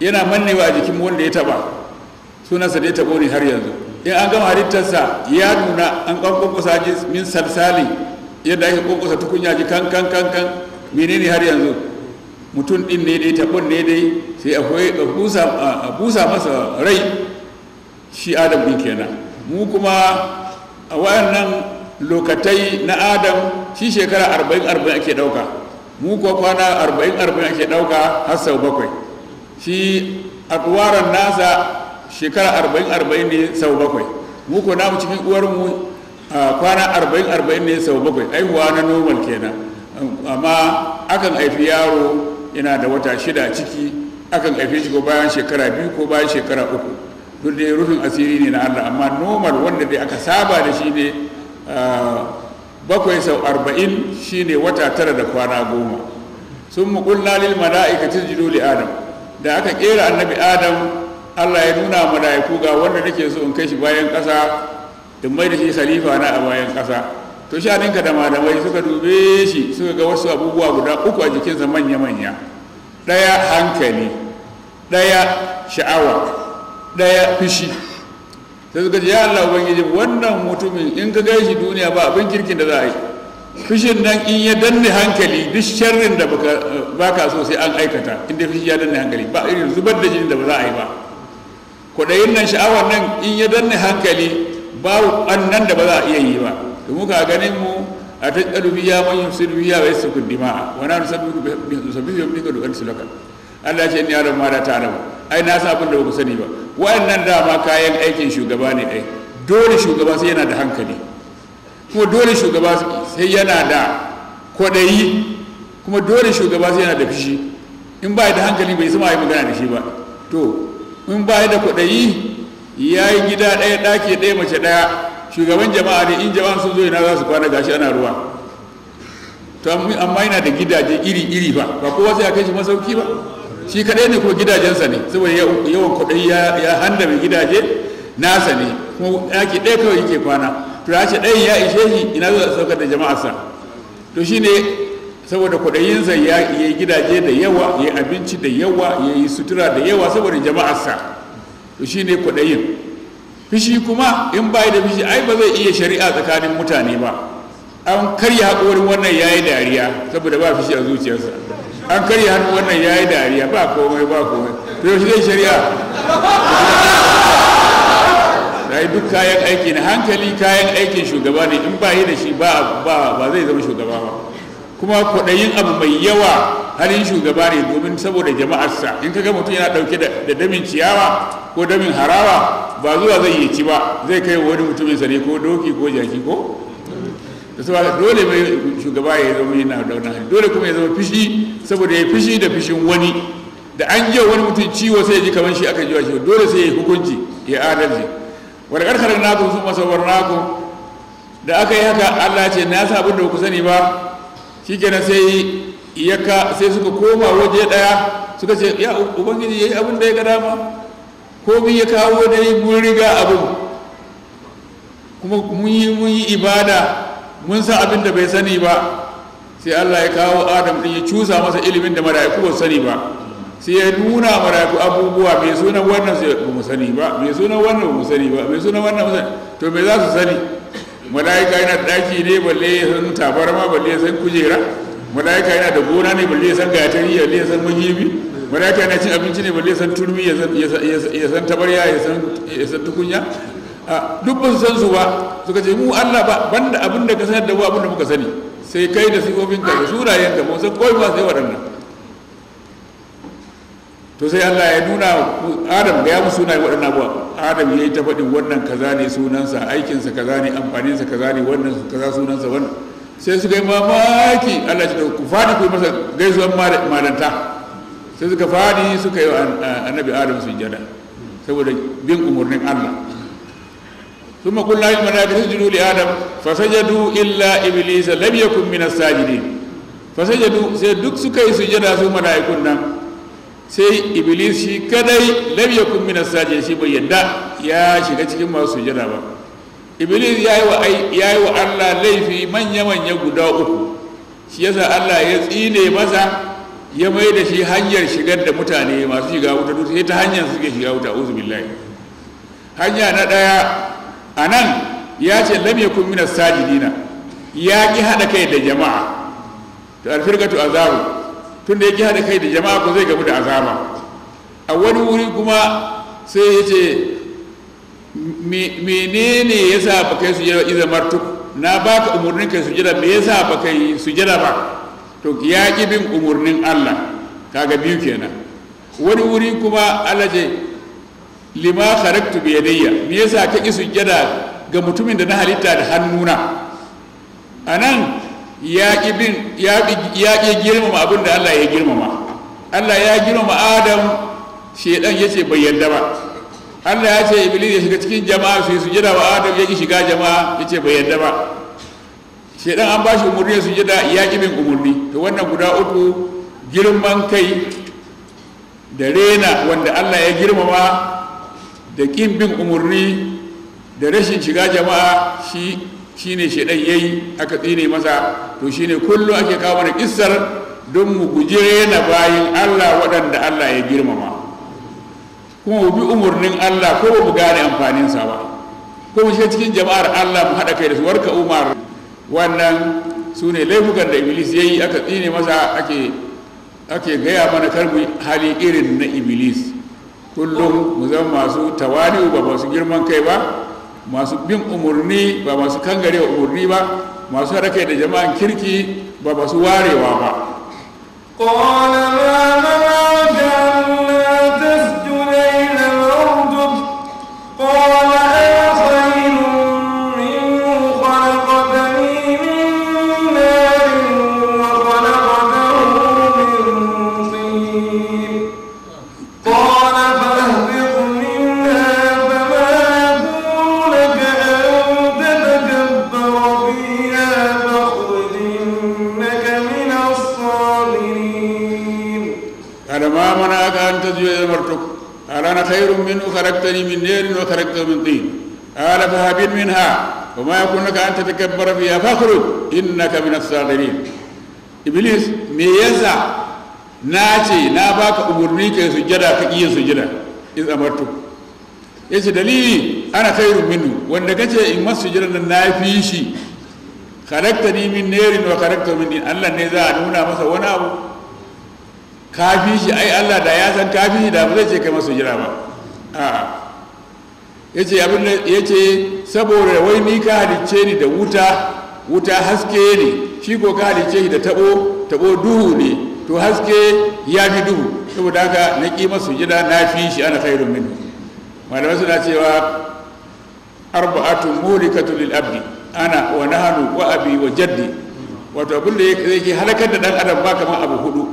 yana mannewa a jikin wanda ya taɓa sunansa da ya taɓo ne har yanzu in an gama halittarsa ya nuna an ƙwanƙwanƙwasa min salsali yadda ake ƙwanƙwasa tukunya ji kan kan kan kan menene har yanzu mutum ɗin ne dai tabon ne dai sai a busa masa rai shi adam din kenan mu kuma a wayannan lokatai na adam shi shekara arba'in arba'in ake ɗauka mu kuwa kwana arba'in arba'in ake ɗauka har sau bakwai shi aduwaran nasa shekara arba'in arba'in ne sau bakwai mu kuwa namu cikin uwarmu kwana arba'in arba'in ne sau bakwai aihuwa na normal kenan amma akan haifi yaro yana da wata shida ciki akan haife shi ko bayan shekara biyu ko bayan shekara uku duk da rufin asiri ne na Allah amma nomar wanda dai aka saba da shi ne ah, bakwai sau arba'in shi ne wata tara da kwana goma sun muƙulla lil mala'ikati jidu li adam da aka kera annabi adam Allah ya nuna mala'iku ga wanda nake so in kai shi bayan ƙasa in mai da shi salifa na a bayan ƙasa to ninka da malamai suka dube shi suka ga wasu abubuwa guda uku a jikinsa manya-manya ɗaya hankali ɗaya sha'awa ɗaya fishi sai suka ce ya Allah ubangiji wannan mutumin in ka gai shi duniya ba abin kirkin da za a yi fishin nan in ya danne hankali duk sharrin da baka so sai an aikata inda fishi ya danne hankali ba irin zubar da jini da ba za a yi ba kwaɗayin nan sha'awar nan in ya danne hankali babu nan da ba za a iya yi ba to muka ganin mu a ta tsalu biya man yusir biya wa yasu kuddima wa na nusabbihu bi sabbihi bi kadu an sulaka Allah ce ni alam ma da ta alam ai na sa da ba ku sani ba wa'annan dama kayan aikin shugaba ne ai dole shugaba sai yana da hankali kuma dole shugaba sai yana da kwaɗayi kuma dole shugaba sai yana da fishi in ba da hankali bai sama yi magana da shi ba to in ba da kwaɗayi ya yi gida ɗaya ɗaki ɗaya mace ɗaya shugaban jama'a ne in jama'a sun zo ina za su kwana gashi ana ruwa amma yana da gidaje iri-iri ba ba kowa sai a kai shi masauki ba shi kadai ne kuma gidajensa ne saboda yawan kuɗi ya handa mai gidaje nasa ne kuma yaki ɗaya kawai yake kwana to ya ce ya ishe shi ina zuwa saukar da sa to shine saboda kuɗayinsa ya yi gidaje da yawa ya yi abinci da yawa ya yi sutura da yawa saboda jama'arsa to shine kuɗayin fishi kuma in bai da fishi ai ba zai iya shari'a tsakanin mutane ba an karya haƙorin wannan yayi dariya saboda ba fishi a zuciyarsa an karya hannu wannan yayi dariya ba komai ba komai to yaushe zai shari'a yi duk kayan aiki na hankali kayan aikin shugaba ne in ba yi da shi ba ba zai zama shugaba ba kuma kwaɗayin abu mai yawa halin shugaba ne domin saboda jama'arsa in kaga mutum yana ɗauke da damin ciyawa ko damin harawa ba zuwa zai yi ci ba zai kai wani mutumin sa ne ko doki ko jaki ko da saboda dole mai shugaba ya zama yana da dole kuma ya zama fishi saboda ya fishi da fishin wani da an jiwa wani mutum ciwo sai ya ji kamar shi aka jiwa shi dole sai ya yi hukunci ya adalci wani karkarar naku sun masa naku da aka yi haka allah ce na sa da ku sani ba shikenan sai ya ka sai suka koma waje daya suka ce ya ubangiji yayi abin da ya ga dama ko bi ya kawo da yi mun riga abin kuma mun yi mun yi ibada mun sa abin da bai sani ba sai Allah ya kawo Adam din ya cusa masa ilimin da mara'iku ba sani ba sai ya nuna mara'iku abubuwa mai sunan wannan sai ba mu sani ba mai sunan wannan ba mu sani ba mai sunan wannan to me za su sani mala'ika yana da ɗaki ne balle ya san tabarma balle san kujera mala'ika yana da gona ne balle ya san gatari balle ya san mala'ika yana cin abinci ne balle ya san turmi ya san tabarya ya san tukunya duk ba su san su ba suka ce mu Allah ba banda abin da ka sanar da mu abin da muka sani sai kai da ka da ka mu san kawai ba sai waɗannan to sai Allah ya nuna Adam ga ya mu suna waɗannan abuwa Adam ya yi ta faɗin wannan kaza ne sunansa aikinsa kaza ne amfaninsa kaza ne wannan kaza sunansa wannan sai suka yi mamaki Allah ya ku faɗi ku masa gaisuwan malanta sai suka faɗi suka yi annabi Adam jada, saboda bin umarnin Allah ثم قلنا للملائكة اسجدوا لآدم فسجدوا إلا إبليس لم يكن من الساجدين فسجدوا سيدك سكي سجدا سو ملائكة sai iblis shi kadai labiya kun mina sajid shi bai yadda ya shiga cikin masu jira ba iblis yayi wa wa Allah laifi manya manya guda uku shi yasa Allah ya tsine masa ya mai da shi hanyar shigar da mutane masu shiga wuta duk sai ta hanyar suke shiga wuta uzu billahi hanya na daya anan ya ce labiya kun mina sajidina ya ki haɗa kai da jama'a to alfirgatu azabu tun da yake hada kai da jama'a ko zai gabu da azaba a wani wuri kuma sai ya ce menene ya sa ba kai jira iza martuk na baka umarnin kai su jira me ya sa ba kai su jira ba to ya ki bin umarnin Allah kaga biyu kenan wani wuri kuma Allah ce lima kharaktu bi yadayya me yasa ka ki su jira ga mutumin da na halitta da hannuna anan ya ƙi girmama abin da Allah ya girmama Allah ya girmama Adam ya yace bai yarda ba Allah ya ce Iblis ya shiga cikin jama'a sai jira wa Adam ya ƙi shiga jama'a yace bai yarda ba shaidan an ba umarni umurni jira ya ƙi bin umurni to wannan guda uku girman kai da rena wanda Allah ya girmama da ƙin bin umurni da rashin shiga jama'a shi Shi ne shine ya yayi aka tsine masa to shi ne kullum ake kawo mana kissar don mu guje na bayin Allah waɗanda Allah ya girmama kuma mu bi umarnin Allah ko mu gane amfaninsa ba ko mu shiga cikin jama'ar Allah mu haɗa kai da su warka umar wannan su ne laifukan da iblis ya yi aka tsine masa ake ake gaya mana kar karbi hali irin na iblis kullum mu zama masu tawali'u ba masu girman kai ba masu bin umarni ba masu kangare wa umarni ba masu haraka da jama'an kirki ba masu warewa ba mu خير منه خرجتني من نير وخرجت من طين قال فهب منها وما يكون لك أن تتكبر فيها فاخرج إنك من الصاغرين إبليس ميزا ناتي ناباك أمرنيك سجدا كي سجدا إذ أمرتك yace dalili ana khairu minhu wanda kace in masu jiran nan na fi shi karaktani min nerin wa karakta min din Allah ne za a nuna masa wani abu kafi shi ai Allah da ya san kafi shi da ba zai ce kai masu jira ba a ah. yace abin ce saboda wai ni ka halice ni da wuta wuta haske ne shi ko ka halice shi da tabo tabo duhu ne to haske ya fi duhu saboda haka na ƙi masu jida na fi shi ana khairun min malamai suna cewa arba'atun mulikatu lil abdi ana wa nahanu wa abi wa jaddi wato abin da yake halakar da dan adam ba kamar abu hudu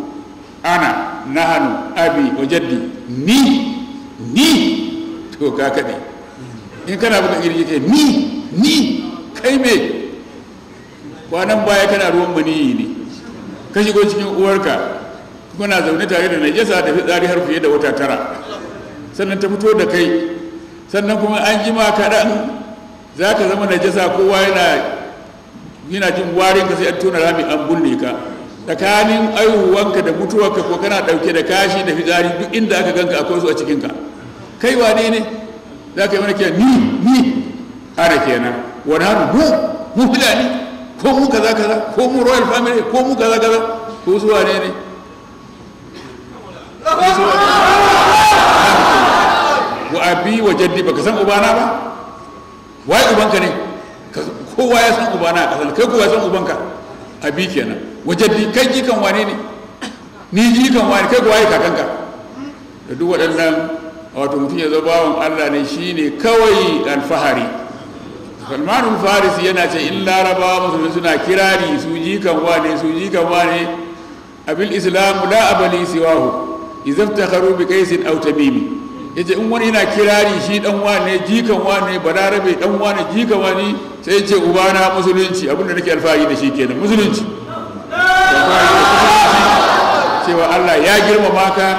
ana nahanu abi wa jaddi ni ni to ka ne in kana buga kirji ke ni ni kai me kwanan baya kana ruwan mani ne ka shigo cikin uwarka na zaune tare da na najasa da fitsari har fiye da wata tara sannan ta fito da kai sannan kuma an ma kaɗan za ka zama na najasa kowa yana yana jin warin ka sai an tona rami an bulle ka tsakanin aihuwanka da mutuwarka ko kana ɗauke da kashi da fitsari duk inda aka ganka akwai su a cikinka kai wane ne za ka yi mana kiyan ni ni ana kenan wani hannu mu mu fulani ko mu kaza kaza ko mu royal family ko mu kaza kaza ko su wane ne wa abi wa jaddi baka san ubana ba wai ubanka ne kowa ya san ubana a kasar kai kowa ya san ubanka abi kenan wajaddi kai jikan wane ne ni jikan wane kai ga waye kakanka da duk waɗannan wato mutum ya zo bawan Allah ne shine kawai alfahari salmanul farisi yana ce in larabawa musulmi suna kirari su jikan wane su jikan wane abil islamu la abali siwahu izaftakharu bi qaisin aw tamimi yace in wani yana kirari shi dan wane jikan wane balarabe dan wane jikan wane sai yace ubana musulunci abinda nake alfahari da shi kenan musulunci cewa Allah ya girmama ka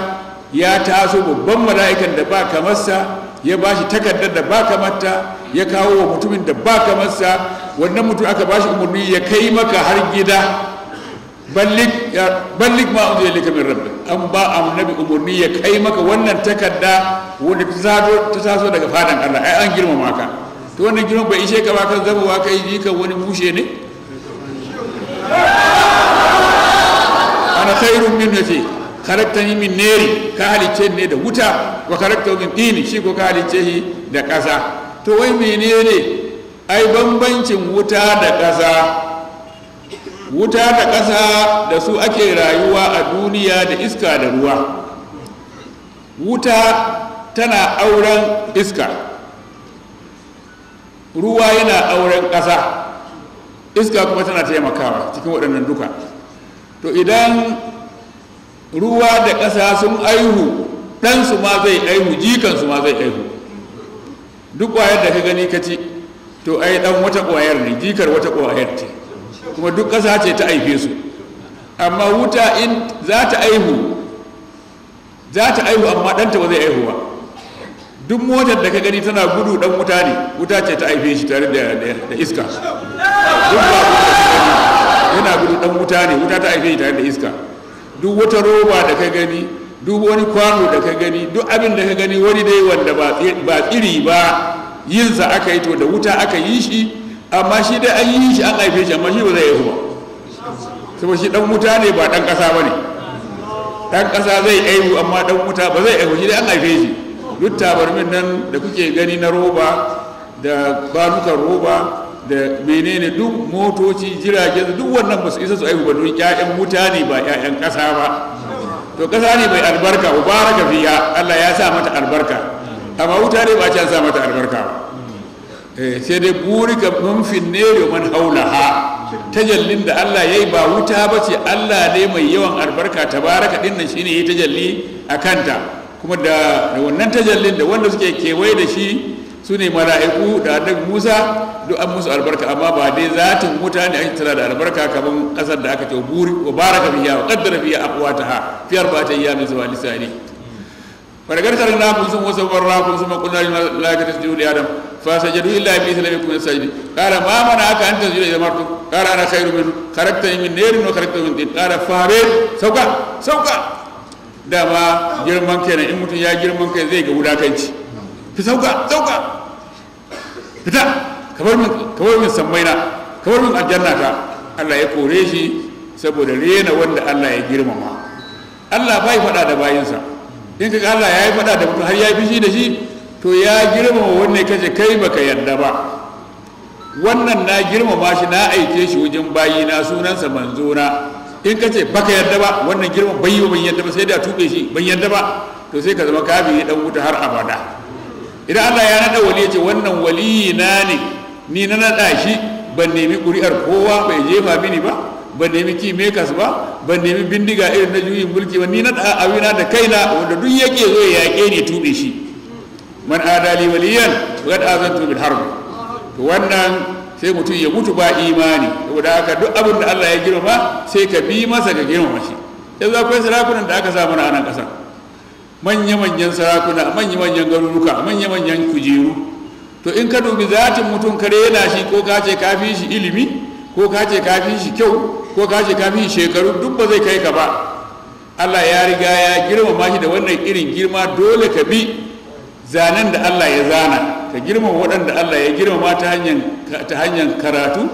ya taso babban mala'ikan da ba kamarsa ya ba shi takardar da ba kamarta ya kawo wa mutumin da ba kamarsa wannan mutum aka ba shi umarni ya kai maka har gida ballik ma unzu ilika min rabbi an ba annabi umarni ya kai maka wannan takarda wanda ta taso daga fadan Allah ai an girmama ka to wannan girman bai ishe ka ba kan zama wa kai ji ka wani mushe ne ana khairun min yace karaktani min neri ka halice ne da wuta wa karakta min dini shi ko ka halice shi da ƙasa to wai menene ai bambancin wuta da ƙasa wuta da ƙasa da su ake rayuwa a duniya da iska da ruwa wuta tana auren iska ruwa yana auren ƙasa iska kuma tana taimakawa cikin waɗannan duka to idan ruwa da ƙasa sun aihu ɗansu ma zai aihu jikansu ma zai aihu duk ƙwayar da ka gani ka ci to ai ɗan wata ƙwayar ne jikar wata ƙwayar ce kuma duk ƙasa ce ta aife su amma wuta in za ta aihu za ta aihu amma ɗanta ba zai aihu ba duk motar da ka gani tana gudu ɗan wuta ne wuta ce ta aife shi tare da iska duk ba yana gudu dan wuta ne wuta ta haife tare da iska duk wata roba da ka gani duk wani kwano da ka gani duk abin da ka gani wani dai wanda ba tsiri ba yinsa aka yi to da wuta aka yi shi amma shi dai an yi shi an haife shi amma shi ba zai yi ba kuma shi dan wuta ne ba dan kasa ba ne dan kasa zai aihu amma dan wuta ba zai aihu shi dai an haife shi duk tabarmin nan da kuke gani na roba da banukan roba da menene duk motoci jirage duk wannan ba isa su aihu ba don ƴaƴan mutane ba ƴaƴan ƙasa ba to ƙasa ne mai albarka ubaraka fiya Allah ya sa mata albarka amma wuta ba can sa mata albarka ba eh, sai dai burika mun finne da man haulaha tajallin da Allah ya yi ba wuta ba ce Allah ne mai yawan albarka tabaraka din nan shine ya tajalli a kanta kuma da wannan tajallin da wanda suke kewaye da shi su ne mala'iku da annabi musa duk an musu albarka amma ba dai zatin mutane ake tana da albarka kamar kasar da aka ce buri wa baraka fiya wa qaddara fiya aqwataha fi arba'ati ayyamin zuwa lisani fargar tar na kun sun wasa barra kun sun kunna lil malaikati tasjudu li adam fa sajadu illa bi salami kun sajidi qala ma mana aka anta sujuda idza martu qala ana khairu min kharajta min narin wa kharajta min tin qala sauka sauka dama girman kenan in mutum ya girman kai zai ga wulakanci ki sauka sauka fita kamar min kamar min sammaina kamar min aljanna ta Allah ya kore shi saboda rena wanda Allah ya girmama Allah bai faɗa da bayinsa in ka Allah ya yi faɗa da mutum har ya fi shi da shi to ya girmama wannan kace kai baka yadda ba wannan na girmama shi na aike shi wajen bayina sunansa manzona in ka ce baka yadda ba wannan girman bai yi ban yadda ba sai da tuɓe shi ban yadda ba to sai ka zama kafiri dan wuta har abada idan Allah ya nada wali ya ce wannan wali na ne ni na nada shi ban nemi ƙuri'ar kowa bai jefa mini ba ban nemi mekas ba ban nemi bindiga irin na juyin mulki ba ni na da awina da kaina wanda duk yake zo ya yaƙe ne tuɓe shi man adali waliyan wad azan tuɓe harb to wannan sai mutum ya mutu ba imani saboda haka duk abin da Allah ya girma sai ka bi masa ka girma shi yanzu akwai sarakunan da aka sa mana a nan ƙasar manya-manyan sarakuna manya-manyan garuruka manya-manyan kujeru to in ka dubi zatin mutum kare yana shi ko ka ce kafi shi ilimi ko ka ce kafi shi kyau ko ka ce kafi shi shekaru duk ba zai kai ka ba Allah ya riga ya girmama shi da wannan irin girma dole ka bi zanen da Allah ya zana ka girmama waɗanda Allah ya girmama ta hanyar ta hanyar karatu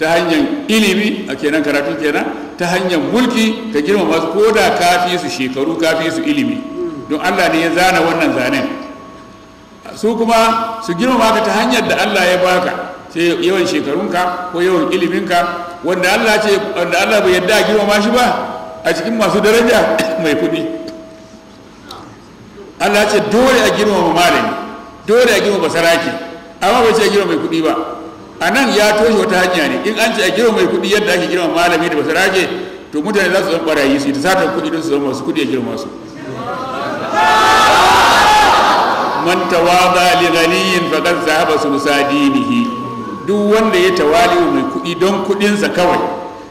ta hanyar ilimi a kenan karatu kenan ta hanyar mulki ka girmama su ko da kafi su shekaru kafi su ilimi don Allah ne ya zana wannan zanen su kuma su girmama ka ta hanyar da Allah ya baka sai yawan shekarunka ko yawan iliminka wanda Allah ce wanda Allah bai yarda girmama shi ba a cikin masu daraja mai kudi Allah ce dole a girmama malami dole a girmama saraki amma bai ce girmama mai kudi ba a nan ya toshe wata hanya ne in an ce a girma mai kudi yadda ake girma malami da ba saraki to mutane za su zama barayi su yi ta satan kuɗi don su zama masu kuɗi a girma su man tawada li ghaniyin faqad zahaba sulusa dinihi duk wanda ya tawali mai kuɗi don kuɗinsa kawai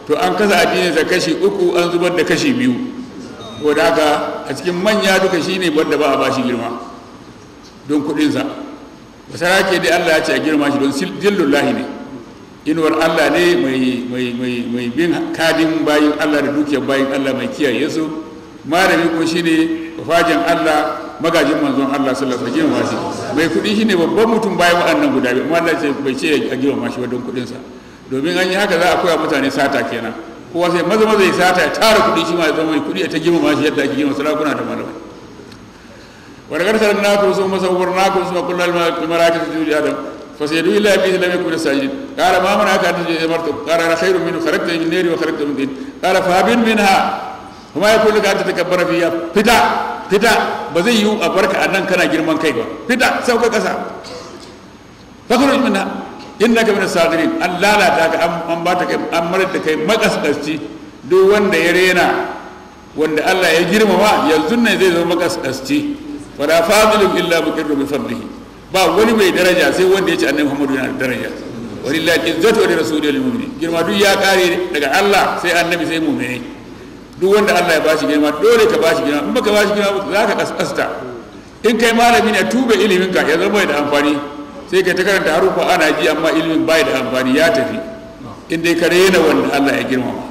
to an kasa addininsa kashi uku an zubar da kashi biyu wanda haka a cikin manya duka shine wanda ba a bashi girma don kuɗinsa basara ke dai Allah ya ce a girma shi don jillullahi ne inuwar Allah ne mai bin kadin bayin Allah da dukiyar bayin Allah mai kiyaye su malami ko shi shine fajin Allah magajin manzon Allah sallallahu alaihi wasallam mai kudi shi shine babban mutum bayan wa'annan guda biyu Allah ce bai ce a gima mashi wa don kudin sa domin an yi haka za a koya mutane sata kenan kowa sai maza maza ya sata tara kudi shi ma ya zama kudi ta giwa mashi yadda ake gima giwa sarakuna da malamai wani sarar na kuma sun masa umar na kuma sun ma kullal mara ta juriya da fasidu ila bi lam yakun sajid qala ma mana ka ta je martu qala khairu min kharajta min nari wa kharajta min qala fa bin ha. kuma ya kullu ka ta takabbara fiya fita fita ba zai yiwu a barka a nan kana girman kai ba fita sauka kasa fakhruj minha innaka min as-sadirin an lalata ka an ba ta kai an marar da kai makaskasci duk wanda ya rena wanda Allah ya girmama yanzu ne zai zama makaskasci fala fadilun illa muqirru bi fadlihi ba wani mai daraja sai wanda ya ci annabi Muhammadu yana da daraja walillahi izzatu wa li rasulihi lil mu'minin girma duk ya kare daga Allah sai annabi sai mu'mini duk wanda Allah ya bashi girma dole ka bashi girma in baka bashi girma za ka kaskasta in kai malami ne tube ilimin ka ya zama da amfani sai kai ta karanta harufa ana ji amma ilimin bai da amfani ya tafi in dai ka rena wanda Allah ya girma ma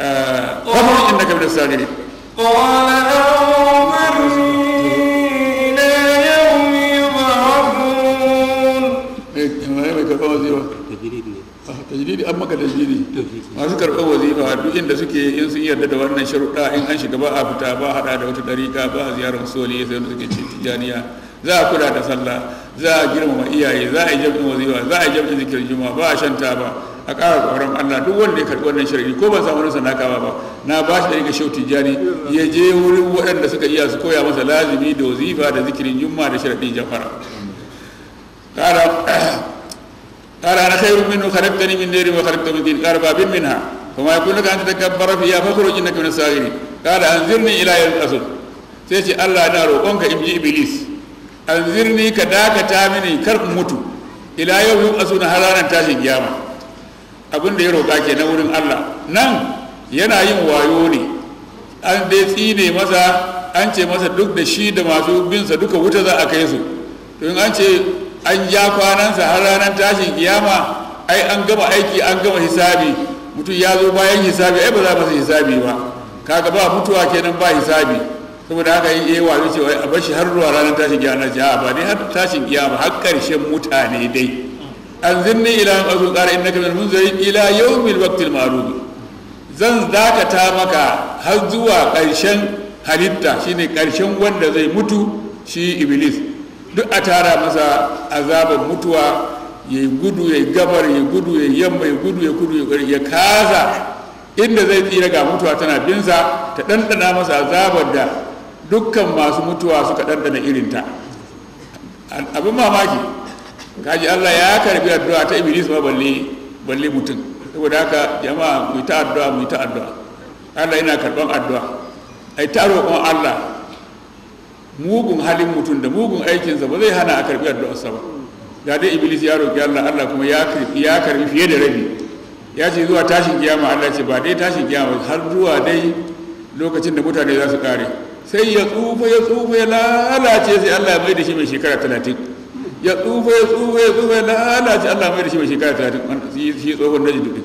in eh, innaka min as-sajidin qala mai wazifa an maka masu karɓar wazifa duk inda suke in sun yarda da wannan sharuɗa in an shiga ba a fita ba haɗa da wata ɗarika ba a ziyarar soli sai da suke tijaniya za a kula da sallah za a girmama iyaye za a yi wazifa za a yi zikirin juma ba a shan taba a ƙara tsoron Allah duk wanda ya karɓi wannan shari ko ba samu nasa nakawa ba na ba shi da daga shau tijjani ya je wurin waɗanda suka iya su koya masa lazimi da wazifa da zikirin juma da sharaɗin jafara قال قال انا خير منه خلقتني من نير وخلقته من دين قال باب منها فما يقول لك ان تتكبر فيها فاخرج انك من الساغرين قال انذرني الى يوم الاسد سيتي الله انا روقك ابن ابليس انذرني كداك تامني كرك متو الى يوم يبعثون هلانا تاشي قيامه abin da ya roƙa ke na wurin Allah nan yana yin wayo ne an dai tsine masa an ce masa duk da shi da masu binsa duka wuta za a kai su to in an ce an ja kwanansa har ranar tashin kiyama ai an gama aiki an gama hisabi mutum ya zo bayan hisabi ai ba za masa hisabi ba kaga ba mutuwa kenan ba hisabi saboda haka yi yayi eh, wani cewa a bashi har ruwa ranar tashin kiyama ja ba ne har tashin kiyama har karshen mutane dai an zinni ila an azul qara innaka minal munzirin ila yau mil waqtil marubi zan dakata maka har zuwa ƙarshen halitta shine ƙarshen wanda zai mutu shi iblis duk a tara masa azabar mutuwa ya yi gudu ya yi gabar ya gudu ya yamma ya gudu ya gudu ya kaza inda zai tsira ga mutuwa tana binsa ta ɗanɗana masa azabar da dukkan masu mutuwa suka ɗanɗana irinta abin mamaki kaji allah ya karbi addu'a ta iblis ma balle balle mutum saboda haka jama'a mu ta addu'a mu ta addu'a allah yana karban addu'a ai ta roƙon allah mugun halin mutum da mugun aikinsa ba zai hana a karbi addu'arsa ba ya dai iblis ya roki Allah Allah kuma ya karbi ya karbi fiye da rabi ya ce zuwa tashin kiyama Allah ce ba dai tashin kiyama har zuwa dai lokacin da mutane za su kare sai ya tsufa ya tsufa ya lalace sai Allah ya mai da shi mai shekara talatin ya tsufa ya tsufa ya tsufa ya lalace Allah ya mai da shi mai shekara talatin shi tsohon naji duk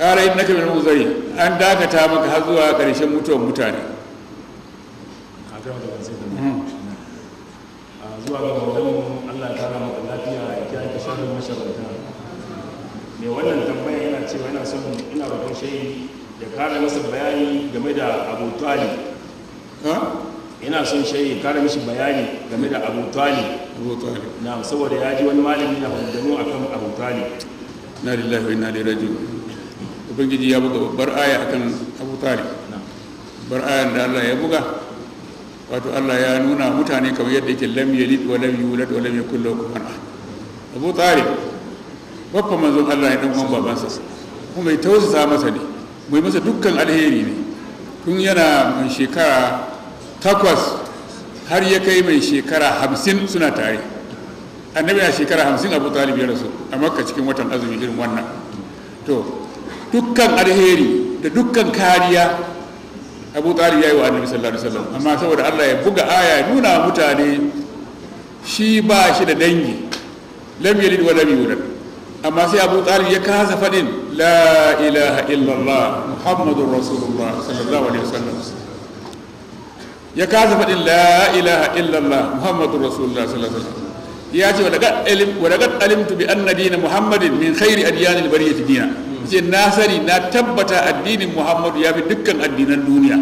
kara in naka mai muzari an dakata maka har zuwa karshen mutuwar mutane zuwa ga bautanmu Allah ya kara maka lafiya ya kiyaye ka sharrin masharanta me wannan tambaya yana cewa yana son ina roƙon shayi ya kara masa bayani game da Abu Talib yana son shayi ya kara mishi bayani game da Abu Talib na saboda ya ji wani malami na hudu maganganu akan Abu Talib na lillahi wa inna ilaihi raji'un ubangiji ya buga babbar aya akan Abu Talib bar ayan da Allah ya buga wato Allah ya nuna mutane kamar yadda yake lam yalid wa lam yulad wa lam yakul lahu kufuwan ahad Abu Talib babban manzon Allah ya dan uwan babansa kuma ya tausasa masa ne mai masa dukkan alheri ne tun yana mai shekara takwas har ya kai mai shekara hamsin suna tare annabi na shekara hamsin abu talib ya rasu a makka cikin watan azumi irin wannan to dukkan alheri da dukkan kariya abu talib ya yi wa annabi sallallahu alaihi wasallam amma saboda allah ya buga aya nuna mutane shi ba shi da dangi lam yalid wa lam yulad amma sai abu talib ya kasa fadin la ilaha illallah muhammadur rasulullah sallallahu alaihi wasallam ya kasa fadin la ilaha illallah muhammadur rasulullah sallallahu alaihi wasallam ya ce wa daga alimtu bi anna dina muhammadin min khairi adyanil bariyati dinan ce na sani na tabbata addinin muhammadu ya fi dukkan addinan duniya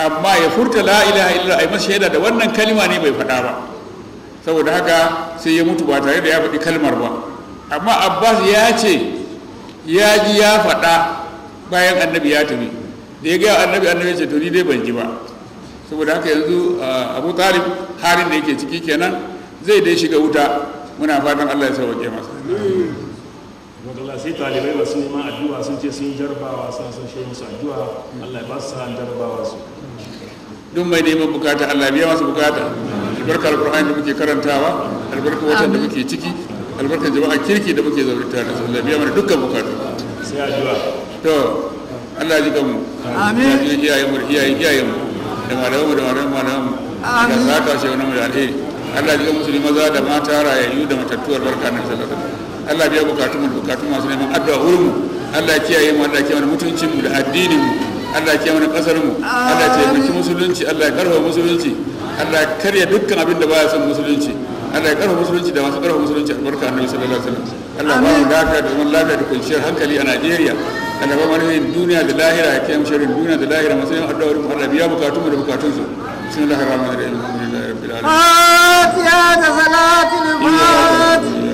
amma ya furta la ilaha illa yi masa shaida da wannan kalima ne bai faɗa ba saboda haka sai ya mutu ba tare da ya faɗi kalmar ba amma abbas ya ce ya ji ya faɗa bayan annabi ya tafi da ya gaya annabi annabi ce to ni dai ban ji ba saboda haka yanzu ah, abu talib halin da yake ciki kenan zai dai shiga wuta muna fatan allah ya sauke masa wadanda sai talibai sun nema addu'a sun ce sun jarbawa suna sun shi musu addu'a allah ba sa jarbawa su duk mai neman bukata allah biya masu bukata albarkar alkur'ani da muke karantawa albarkar wata da muke ciki albarkar jama'a kirki da muke zaune tare da allah biya mana dukkan bukata sai addu'a to allah ji kanmu amin ya ji iyayen mu iyayen iyayen mu da malamu da malamu malamu da zaka shi wannan mu da alheri allah ji kan musulmi maza da mata rayayyu da matattuwar barka nan sallallahu alaihi Allah biya bukatun mu da bukatun masu neman addu'a wurin mu Allah ya kiyaye mu Allah ya kiyaye mutuncin mu da addinin mu Allah ya kiyaye mu kasar mu Allah ya mana musulunci Allah ya karfafa musulunci Allah ya karya dukkan abin da baya son musulunci Allah ya karfafa musulunci da masu karfafa musulunci albarka annabi sallallahu alaihi wasallam Allah ba mu lafiya da zaman lafiya da kwanciyar hankali a Najeriya Allah ba mu duniya da lahira ya kiyaye mu duniya da lahira masu neman addu'a wurin mu Allah biya bukatun mu da bukatun su بسم الله الرحمن الرحيم الحمد لله رب العالمين فاتحة صلاة الفاتحة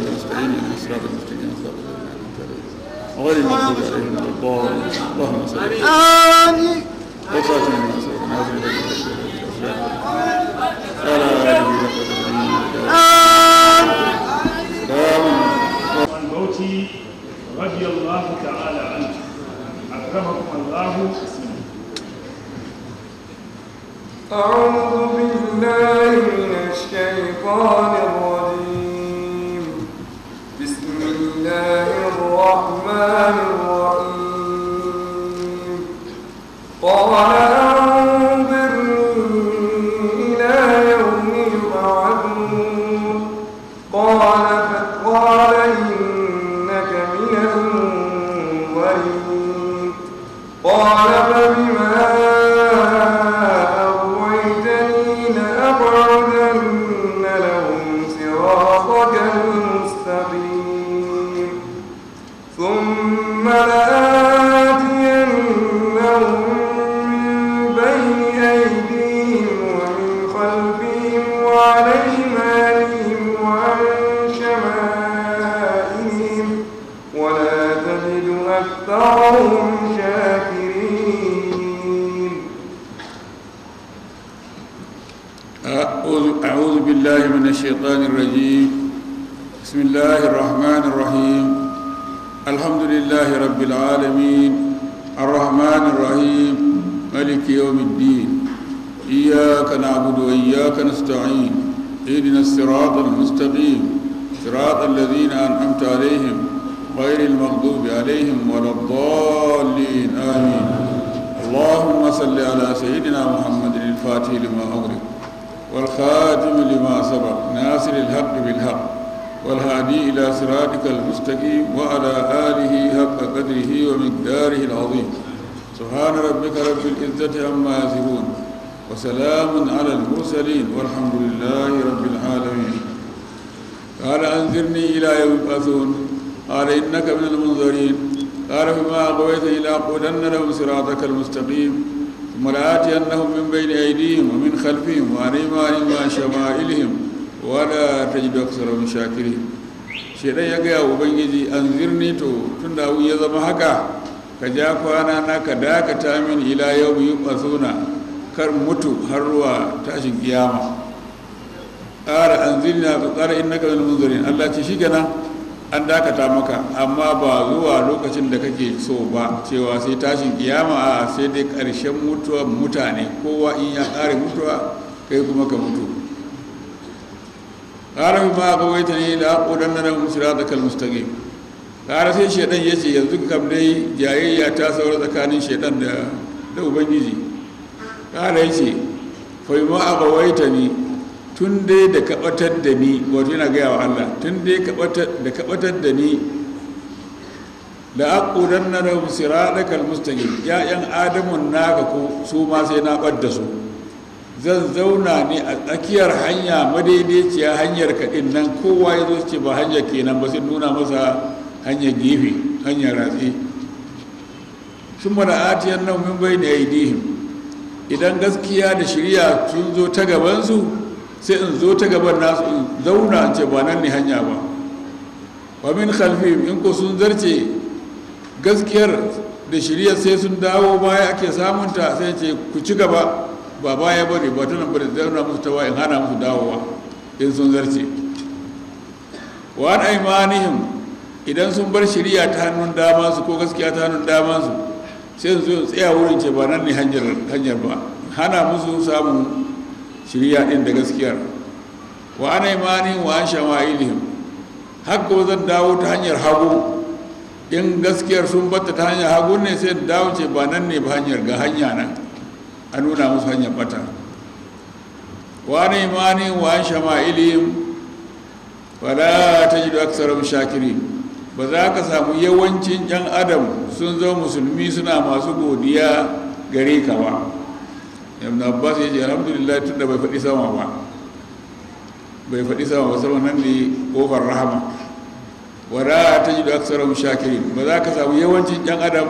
غير المغضوب عليهم ولا اللهم صل على رضي الله تعالى عنه أكرمكم الله أعوذ بالله من الشيطان الرجيم الرحمن الرحيم قال ka ja kwana na ka dakata min ila yau yi ƙwazona kar mutu har ruwa tashin kiyama ƙara an zirina ka ƙara in naka min munzirin allah ce shi gana an dakata maka amma ba zuwa lokacin da kake so ba cewa sai tashin kiyama a sai dai ƙarshen mutuwa mutane kowa in ya ƙare mutuwa kai kuma ka mutu ƙara ma ka ta ne da aƙudan na musira da ƙara sai shaidan ya ce yanzu kam dai jayayya ta saura tsakanin shaidan da da ubangiji ƙara ya ce fai aka waita ni tun dai da kaɓatar da ni wato yana gaya wa allah tun dai da kaɓatar da ni da aqudan na lahum sira da kalmustani ya'yan adamun naka ko su ma sai na ɓadda su zan zauna ne a tsakiyar hanya madaidaiciya hanyar kaɗin nan kowa ya zo ce ba hanyar kenan ba sai nuna masa hanyar gefe hanyar ratse sun mana atiyar nan min bai da aidihim idan gaskiya da shirya sun zo ta gabansu sai in zo ta gaban nasu in zauna ce ba nan ne hanya ba wa min khalfi in ko sun zarce gaskiyar da shirya sai sun dawo baya ake samunta sai ce ku ci gaba ba baya bane ba ta tunan da zauna musu tawa in hana musu dawowa in sun zarce wa an aimanihim idan sun bar shari'a ta hannun dama su ko gaskiya ta hannun dama su sai su tsaya wurin ce ba nan ne hanyar ba hana musu samun shari'a din da gaskiyar wa ana imanin wa an ilihim haka zan dawo ta hanyar hagu in gaskiyar sun batta ta hanyar hagu ne sai dawo ce ba nan ne ba hanyar ga hanya nan a nuna musu hanyar bata wa ana imanin wa an shama'ilihim ta tajidu aksarar shakirin ba za ka samu yawancin 'yan adam sun zo musulmi suna masu godiya gare ka ba ibn abbas ya ce alhamdulillah tun da bai faɗi sama ba bai faɗi sama ba sama nan ne ƙofar rahama wada ta ji da aksarar shakirin ba za ka samu yawancin 'yan adam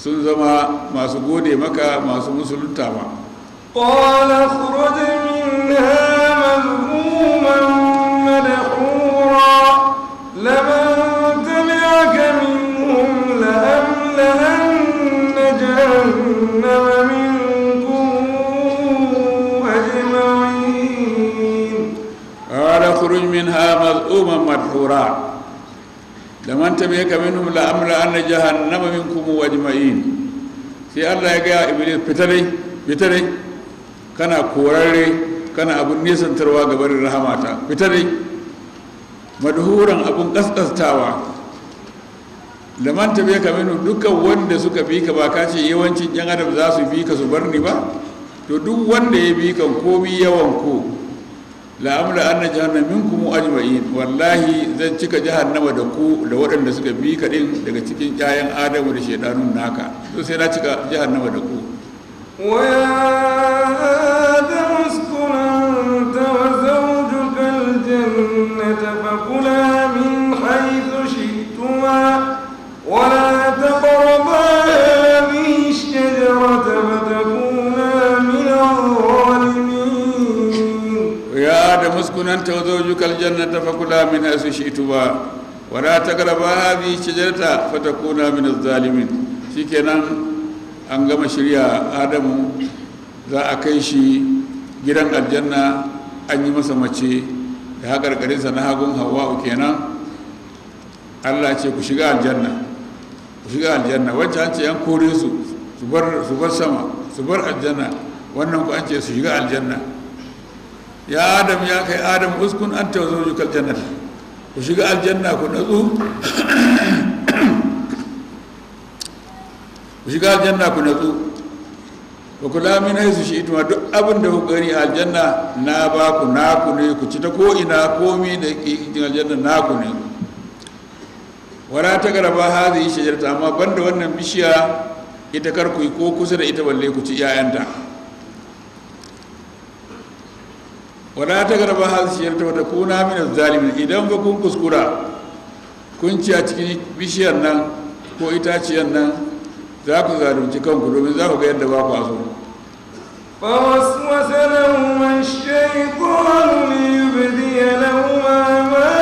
sun zama masu gode maka masu musulunta ba قال لمن اخرج منها مذءوما مدحورا لمن تبعك منهم لأملأن جهنم منكم أجمعين sai Allah ya gaya Iblis fitare fitare kana korarre kana abun nisantarwa ga barin rahamata fitare madhuran abun kaskastawa laman tabe ka minu dukkan wanda suka bi ka ba ka ce yawancin yan adam za su bi ka su bar ni ba to duk wanda ya bi kan bi yawan ko la'amla anna jahannam minkum ajma'in wallahi zan cika jahannama da ku da waɗanda suka bi ka din daga cikin 'ya'yan adamu da shedanun naka to sai na cika jahannama da ku wa ya adam uskun anta wa zawjuka fa أنت وزوجك الجنة فكلا من حيث شئتما ولا تقربا هذه gama shirya من الظالمين شكرا أنقم شريعة آدم ذا أكيشي جيران الجنة أني مسمتشي da haka na hagun hawa'u kenan allah ce ku shiga aljanna ku an ce yan kore su su bar sama su bar aljanna wannan an ce su shiga aljanna ya adam ya kai adam uskun an zo jikar janar ku shiga aljanna ku natsu ku shiga aljanna ku natsu ku kula min haisu shi ituma duk abin da ku gani aljanna na ba ku ku ne ku ci ta ko ina komi da ke aljanna na ku ne wala ta garaba yi shajarta amma banda wannan bishiya ita karku ko kusa da ita balle ku ci 'ya'yanta wala ta garba hal wata kuna min zalimin idan ba kun kuskura kun ci a cikin bishiyar nan ko itaciyar nan za ku zalunci kanku domin za ku ga yadda ba ku aso فوسوس لهما الشيطان ليبدي لهما ما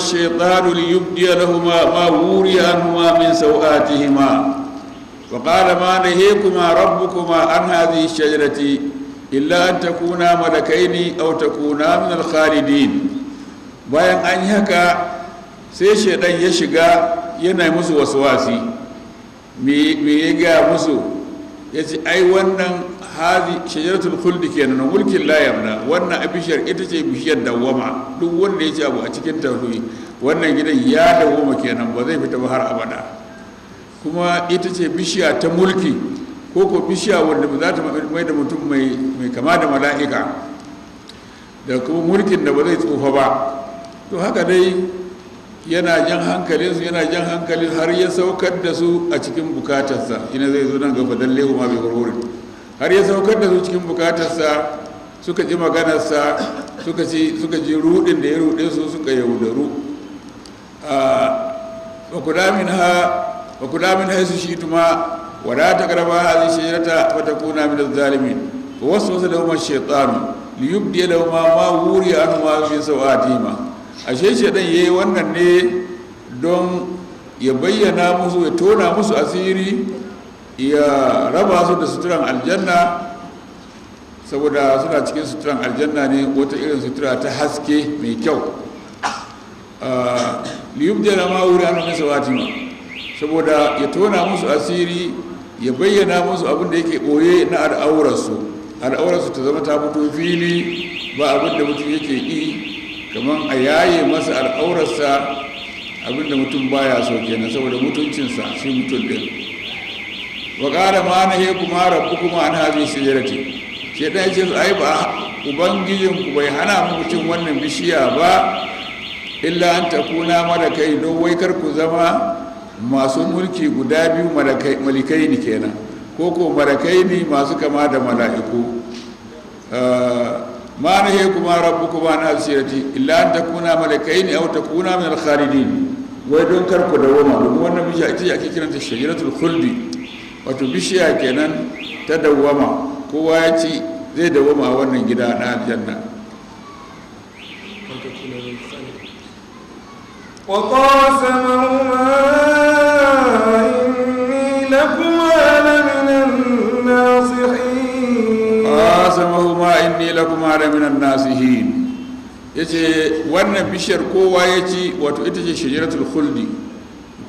الشيطان ليبدي لهما ما وري عنهما من سوآتهما وقال ما نهيكما ربكما عن هذه الشجرة إلا أن تكونا ملكين أو تكونا من الخالدين bayan an yi haka sai shaidan ya shiga yana musu wasu wasi me ya gaya musu ya ce ai wannan hazi shajaratul khuldi kenan mulkin la yamna wannan abishar ita ce bishiyar dawwama duk wanda ya ce abu a cikin tauhidi wannan gidan ya dawwama kenan ba zai fita ba har abada kuma ita ce bishiya ta mulki ko ko bishiya wanda za ta mai da mutum mai kama da mala'ika da kuma mulkin da ba zai tsufa ba to haka dai yana jan su yana jan hankalin har ya saukar da su a cikin bukatarsa ina zai zo nan gaba dalle ma bai gurgurin har ya saukar da su cikin bukatarsa suka ji maganarsa suka ci suka ji rudin da ya rude su suka yaudaru ah, wa kudamin ha wa kudamin haisu shi tuma wala la taqrabu hadhihi shajarata wa takuna min adh wasu wa waswasa lahum ash-shaytanu liyubdi lahum ma wuriya an ma fi sawatima ashe ya yayi wannan ne don ya bayyana musu ya tona musu asiri ya raba su da suturan aljanna saboda suna cikin suturan aljanna ne wata irin sutura ta haske mai kyau ah, liyubdana ma wuri an nasa watima saboda ya tona musu asiri ya bayyana musu abin da yake ɓoye na al'aurarsu al'aurarsu ta zama ta mutu fili ba abinda da mutum yake yi kamar a yaye masa al'aurarsa abinda mutum baya so kenan saboda mutuncinsa shi mutum din wa ƙara ma na he kuma rabu kuma an hazi shijarati shi ɗan ce ai ba ku bai hana mu cin wannan bishiya ba illa an mara kai, don wai kar ku zama masu mulki guda biyu malikai ni kenan ko ko kai ne masu kama da mala'iku ah, ma nahayakuma rabbukuma an absirati illa an takuna malakaini aw takuna min al-khalidin wai don kar ku dawoma domin wannan bishiya ita ake kiranta shajaratul khuldi wato bishiya kenan ta dawwama kowa ya ci zai dawwama a wannan gida na aljanna وقاسمهما إني لكما qasamahuma inni lakuma la minan nasihin yace wannan bishiyar kowa ya ci wato ita ce shajaratul khuldi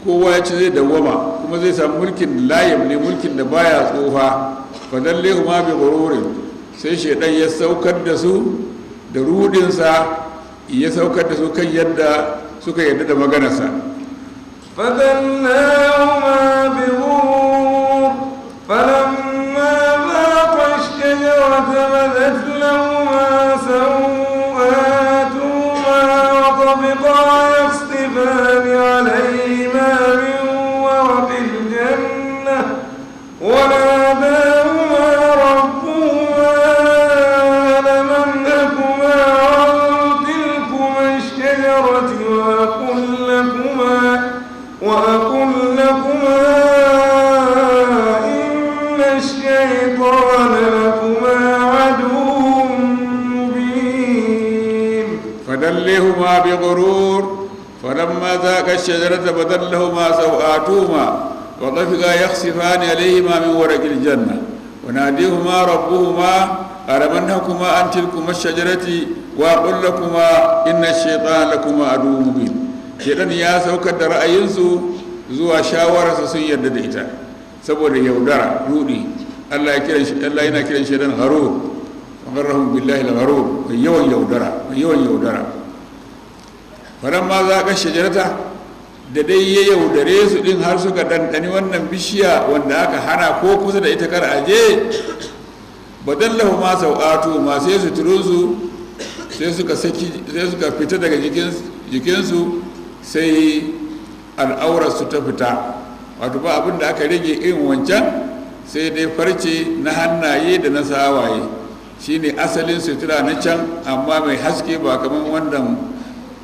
kowa ya ci zai dawwama kuma zai samu mulkin layim ne mulkin da baya tsofa fa dallahu ma bi ghururin sai shedan ya saukar da su da rudinsa ya saukar da su kan yadda suka yadda da maganarsa fa بغرور فلما ذاق الشجرة بدل لهما سوآتهما وطفقا يخسفان عليهما من ورق الجنة وناديهما ربهما ألم أنهكما تلكما الشجرة وأقول لكما إن الشيطان لكما عدو مبين شيطان يا da ra'ayinsu zuwa shawararsa sun yarda da ita saboda yaudara rudi Allah ya kiran Allah yana kiran shaitan gharur wa gharrahum yawan yaudara faran ma za ka shajarta da dai ya yaudare su din har suka ɗanɗani wannan bishiya wanda aka hana ko kusa da ita kar aje badallahu ma sau'atu ma sai su turunsu sai suka fita daga jikinsu sai al'aurar su ta fita wato ba abin da aka rage irin wancan sai dai farce na hannaye da na sawaye shine asalin sutura na can amma mai haske ba kamar wannan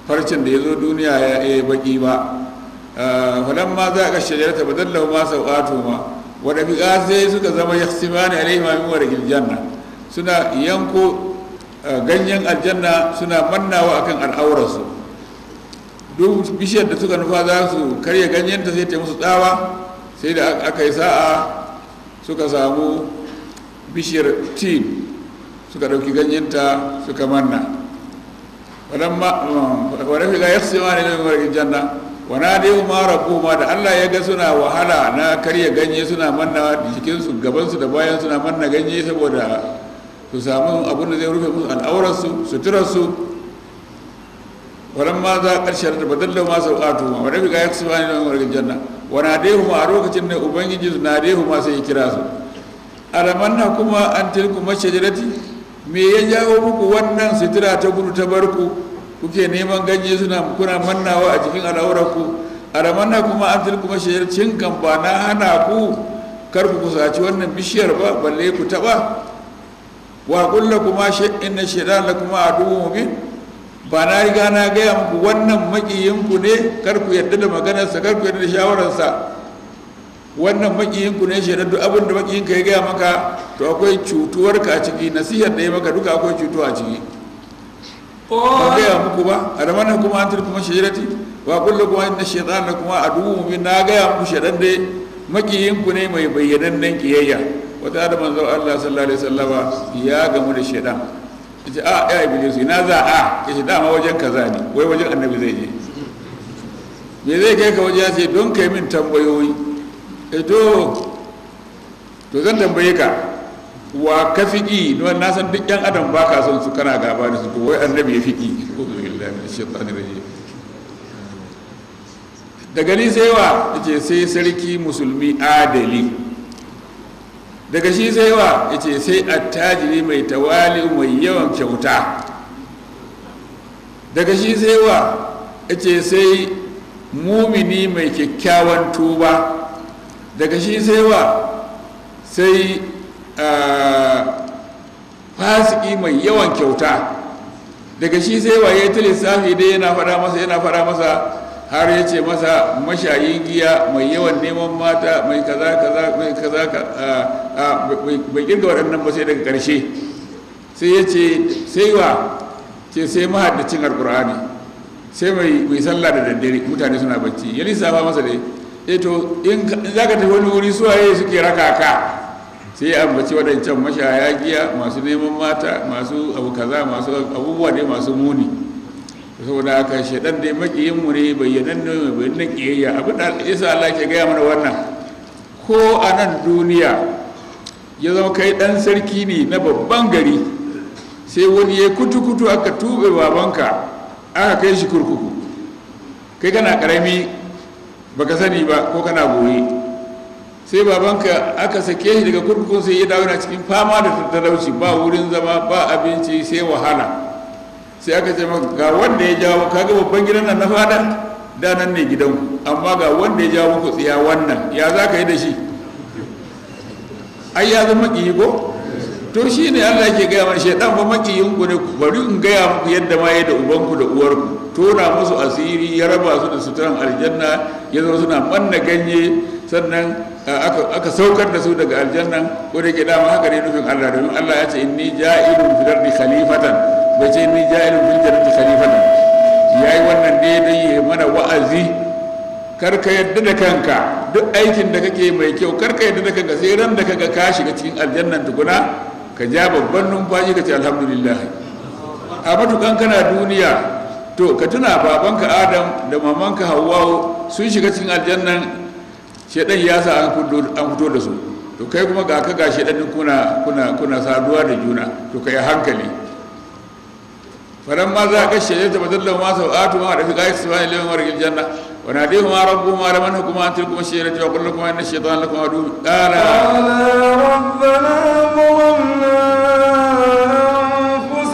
farcin da ya zo duniya ya yi baki ba falan eh, ma za a ga ta ba dallahu ma sauƙatu ma wadda fi sai suka zama ya simani alaihi min janna suna yanko eh, ganyen aljanna suna mannawa akan al'aurarsu duk bishiyar da suka nufa za su karya ganyen ta sai ta musu tsawa sai da aka yi sa'a suka samu bishiyar tin suka ɗauki ganyenta suka manna falamma wa rafiqa yaqsimani min marqil janna wa rabu ma da Allah ya ga suna wahala na karya ganye suna manna jikin su gaban su da bayan suna manna ganye saboda su samu abin da zai rufe musu al'aurar su suturar su walamma za karshen da badallo ma sau'atu ma rafi ga yaqsimani min marqil janna wa nadihuma a lokacin da ubangiji su nadihuma sai ya kira su alamanna kuma an tilku mashajarati me ya jawo muku wannan sutura ta gudu ta barku kuke neman ganye suna kuna mannawa a jikin al'aurarku A alamanna kuma an tilku mashayarcin cin kamfa na hana ku kar ku kusaci wannan bishiyar ba balle ku taɓa wa kulla kuma inna shaitan la kuma a mu mubin ba na riga na gaya muku wannan makiyinku ne kar ku yarda da maganarsa kar ku yarda da shawararsa wannan makiyinku ne shaidar duk abin da makiyinka ya gaya maka to akwai cutuwar a ciki nasihar da ya maka duka akwai cutuwa a ciki ba gaya muku ba a ramana kuma an turkuma shaidati wa kullum kuma inda shaidan na kuma a dubu mubin na gaya muku shaidar da makiyinku ne mai nan kiyayya wata da manzo Allah sallallahu alaihi wasallama ya gamu da shaidan ce a ya iblis ina za a yace dama wajen kaza ne wai wajen annabi zai je me zai kai ka waje ya ce don kai min tambayoyi eto eh, to zan tambaye ka wa ka fiƙi don na san duk yan adam ba ka son su kana gaba da su ko wai annabi ya fiƙi daga ni sai wa ce sai sarki musulmi adali daga shi sai wa ce sai attajiri mai tawali mai yawan kyauta daga shi sai wa ce sai mumini mai kyakkyawan tuba daga shi sai wa sai ah, fasiki mai yawan kyauta daga shi sai wa ya ta lissafi dai yana fara masa yana fara masa har ya ce masa mashayin giya mai yawan neman mata mai kaza kaza mai kaza ah, ah, bai kirga waɗannan ba sai daga ƙarshe sai ya ce sai wa ce sai mahaddacin alƙur'ani sai mai sallah da daddare mutane suna bacci ya lissafa masa dai eto eh in za ka tafi wani wuri suwaye suke raka ka sai ya ambaci waɗancan mashaya giya masu neman mata masu abu kaza masu abubuwa ne masu muni saboda aka shaɗan dai maƙiyin mu ne bayyanan ne mai bayyanan ƙiyayya abin da isa Allah ke gaya mana wannan ko a nan duniya ya zama kai ɗan sarki ne na babban gari sai wani ya kutu-kutu aka tuɓe babanka aka kai shi kurkuku kai kana ƙarami baka sani ba ko kana goye sai babanka aka sake shi daga kurkukun sai ya dawo na cikin fama da talauci ba wurin zama ba abinci sai wahala sai aka ce maka ga wanda ya jawo ga babban gidan nan na fada da nan ne gidanku amma ga wanda ya jawo muku tsiya wannan ya za ka yi da shi ai ya zama ƙiyi to shi ne allah ke gaya mana shaidan fa makiyinku ne bari in gaya muku yadda ma da ubanku da uwarku tona musu asiri ya raba su da suturan aljanna ya zama suna manna ganye sannan aka saukar da su daga aljannan ko da ke dama haka ne nufin allah domin allah ya ce inni ja'ilun fil ardi khalifatan bai ce inni ja'ilun fil jannati khalifatan yayi wannan ne dan ya mana wa'azi karka yadda da kanka duk aikin da kake mai kyau karka yadda da kanka sai ran da kaga ka shiga cikin aljannan tukuna ka ja babban numfashi ka ce alhamdulillah a matukan kana duniya to ka tuna babanka adam da mamanka hawwa sun shiga cikin aljannan shaidan ya sa an fito da su to kai kuma ga kaga shaidanin kuna kuna kuna saduwa da juna to kai hankali faran ma za ka shede ta badalla ma sau'atu ma da fi qais wa ilayhi marjil janna وناديهما ربهما لمن هكما عن الشيرة وقل لكم إن الشيطان لكم عدو قال قال ربنا ظلمنا أنفسنا وإن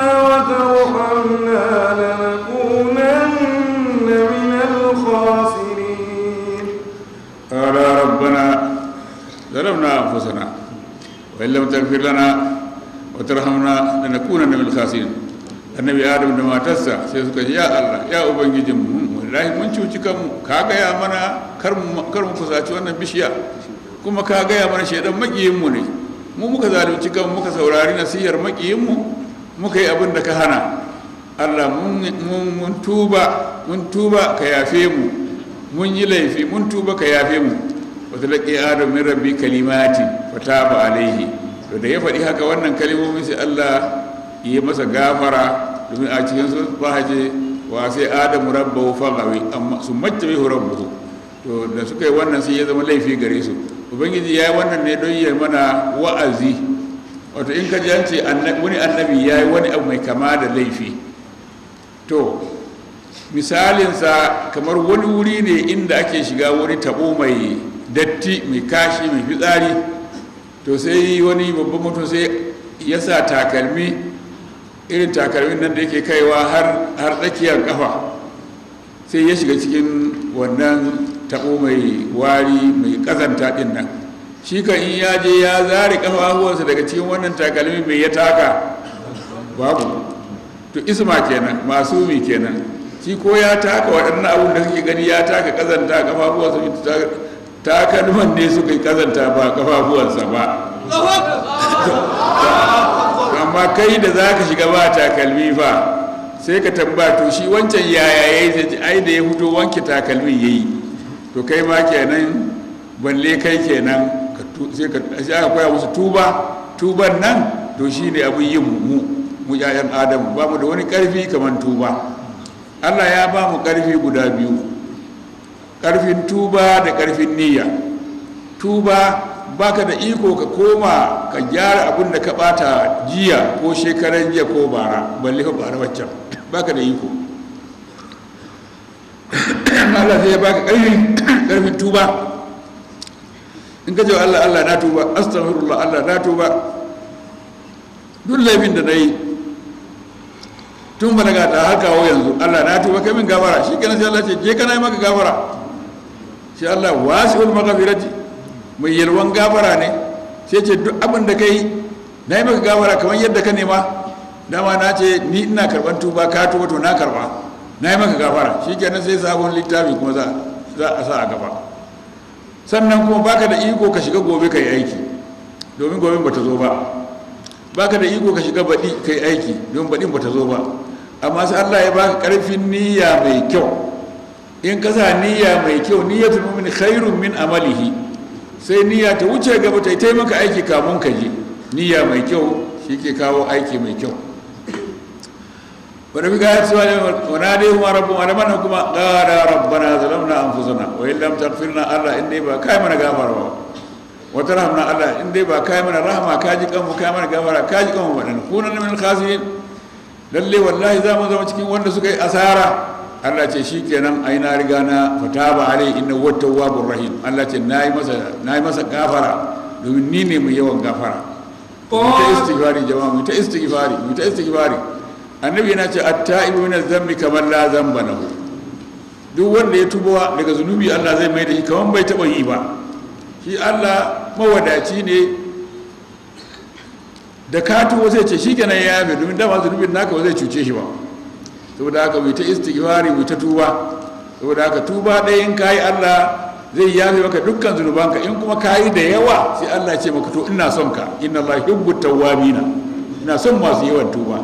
لم تغفر لنا وترحمنا لنكونن من الخاسرين قال ربنا ظلمنا أنفسنا وإن لم تغفر لنا وترحمنا لنكونن من الخاسرين annabi adam da matarsa sai suka ce ya allah ya ubangijin mu wallahi mun cuci kanmu ka gaya mana kar mu kusaci wannan bishiya kuma ka gaya mana shaidan makiyin mu ne mu muka zalunci kanmu muka saurari nasihar makiyin mu muka yi abin da ka hana allah mun tuba mun tuba ka yafe mu mun yi laifi mun tuba ka yafe mu wa talaqi adam min rabbi kalimati fataba alaihi to da ya faɗi haka wannan kalimomin sai allah yi masa gafara domin a cikin su ba haje wa sai adamu rabbahu fagawi amma su horon rabbuhu to da suka yi wannan sai ya zama laifi gare su ubangiji ya yi wannan ne don yi mana wa'azi wato in ka jance wani annabi ya yi wani abu mai kama da laifi to misalinsa kamar wani wuri ne inda ake shiga wani tabo mai datti mai kashi mai fitsari to sai wani babban mutum sai ya sa takalmi irin takalmin nan da yake kaiwa har tsakiyar kafa sai ya shiga cikin wannan taɓo mai wari mai ƙazanta ɗin nan shi kan in ya je ya zare ƙafafuwansa daga cikin wannan takalmi mai ya taka babu to isma kenan masu mi kenan shi ko ya taka waɗannan abun da suke gani ya taka ƙazanta ƙafafuwansa takalman ne suka yi kazanta ba kafafuwansa ba amma kai da za ka shiga ba takalmi ba sai ka tabbato shi wancan yaya ya yi ai da ya fito wanke takalmin ya yi to kai ma kenan balle kai kenan sai ka koya musu tuba tuban nan to shi ne abin yin mu mu yayan adamu ba mu da wani karfi kamar tuba allah ya ba mu karfi guda biyu ƙarfin tuba da ƙarfin niyya tuba baka da iko ka koma ka gyara abin da ka bata jiya ko shekaran jiya ko bara balle ka bara waccan baka da iko Allah zai baka ƙarfin ƙarfin tuba in ka ce Allah Allah na tuba astaghfirullah Allah na tuba duk laifin da na yi tun ba daga ta har kawo yanzu Allah na tuba kai min gafara shi kenan sai Allah ce je kana yi maka gafara sai Allah wasi'ul maghfirati mai yalwan gafara ne sai ce duk abin da kai na yi maka gafara kamar yadda ka nema dama na ce ni ina karban tuba ka tuba to na karba na yi maka gafara shi kenan sai sabon littafi kuma za a sa a gaba sannan kuma baka da iko ka shiga gobe ka yi aiki domin gobe ba ta zo ba baka da iko ka shiga baɗi ka yi aiki domin baɗin ba ta zo ba amma sai Allah ya baka ƙarfin niyya mai kyau in kasa sa niyya mai kyau niyya ta mumini kairun min amalihi sai niyya ta wuce gaba ta yi taimaka aiki kamun ka je niyya mai kyau shi ke kawo aiki mai kyau wani ga yasuwa ne wana ne kuma rabu wani mana kuma gara rabbana zalamna an fusuna wa yin lamta firna allah inda ba kai mana gafara ba wata rahama allah inda ba kai mana rahama kaji kanmu kai mana gafara kaji kanmu ba ne kuna ne min kasirin lalle wallahi za mu zama cikin wanda suka yi asara Allah ce shi kenan yi na riga na ba alai ina wata tawwabur rahim Allah ce na yi masa gafara domin ni ne mai yawan gafara mu istighfari jama'a mu istighfari mu istighfari annabi yana ce at-ta'ibu min adh-dhanbi kamar la na hu duk wanda ya tuba daga zunubi Allah zai mai da shi kamar bai taba yi ba shi Allah mawadaci ne da ka tuwo zai ce shi kenan ya yafe domin dama zunubin naka ba zai cuce shi ba saboda haka mai ta istighfari mai ta tuba saboda haka tuba ɗaya in kayi Allah zai yafe maka dukkan zunubanka in kuma kayi da yawa sai Allah ce maka to ina son ka inna Allah yuhibbu tawwabina ina son masu yawan tuba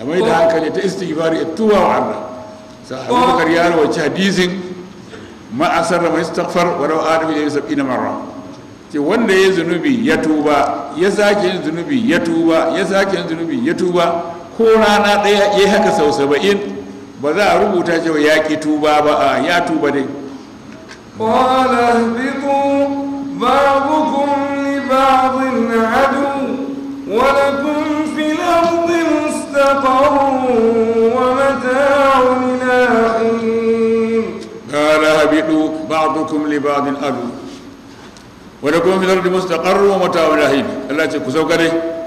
amma da hankali ta istighfari tuba wa Allah sa Abubakar ya rawaci hadisin ma asarra ma istighfar wa law ya marra ce wanda ya zunubi ya tuba ya sake zunubi ya tuba ya sake yin zunubi ya tuba ko rana ɗaya ya haka sau saba'in ba za a rubuta cewa ya ki tuba ba a ya tuba dai adu wadda kun filabin mustapha wa mata'un na'in ƙwala biku babukun adu allah ce ku sauka dai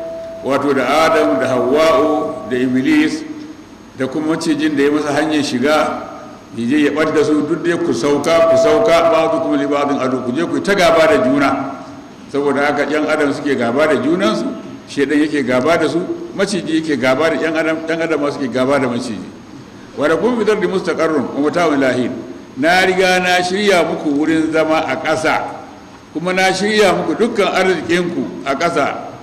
wato da adam da hawa'u da iblis da kuma macijin da ya masa hanyar shiga yaje ya da su duk da ku sauka ku sauka ba su kuma libadin ado ku je ku ta gaba da juna saboda haka yan adam suke gaba da junansu shedan yake gaba da su maciji yake gaba da yan adam dan adam ma suke gaba da maciji wa lakum bi dardi mustaqarrun wa mutawil lahin na riga na shirya muku wurin zama a ƙasa kuma na shirya muku dukkan arzikinku a ƙasa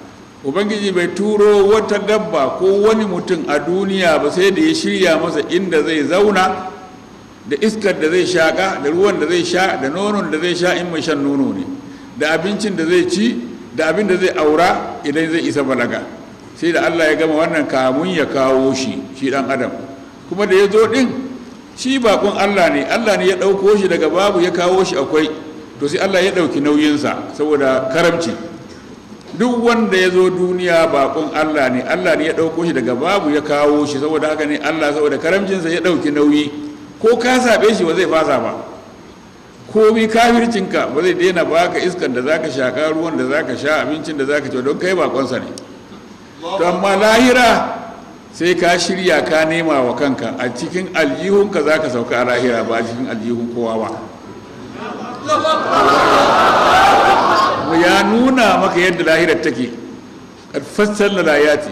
ubangiji bai turo wata dabba ko wani mutum a duniya ba sai da ya shirya masa inda zai zauna da iskar da zai shaƙa da ruwan da zai sha da nonon da zai sha in mai shan nono ne da abincin da zai ci da abin da zai aura idan zai isa balaga sai da allah ya gama wannan kamun ya kawo shi shi dan adam kuma da ya zo ɗin shi bakon allah ne allah ne ya ɗauko shi daga babu ya kawo shi akwai to sai allah ya ɗauki nauyinsa saboda karamci duk wanda ya zo duniya bakon Allah ne Allah ne ya ɗauko shi daga babu ya kawo shi saboda haka ne Allah saboda karamcinsa ya ɗauki nauyi ko ka saɓe shi ba zai fasa ba ko bi kafircinka ba zai daina baka iskan da zaka shaka ruwan da zaka sha abincin da zaka ci don kai bakonsa ne to amma lahira sai ka shirya ka nema wa kanka a cikin aljihunka zaka sauka a lahira ba a cikin aljihun kowa ba kuma ya nuna maka yadda lahirar take fassar da layati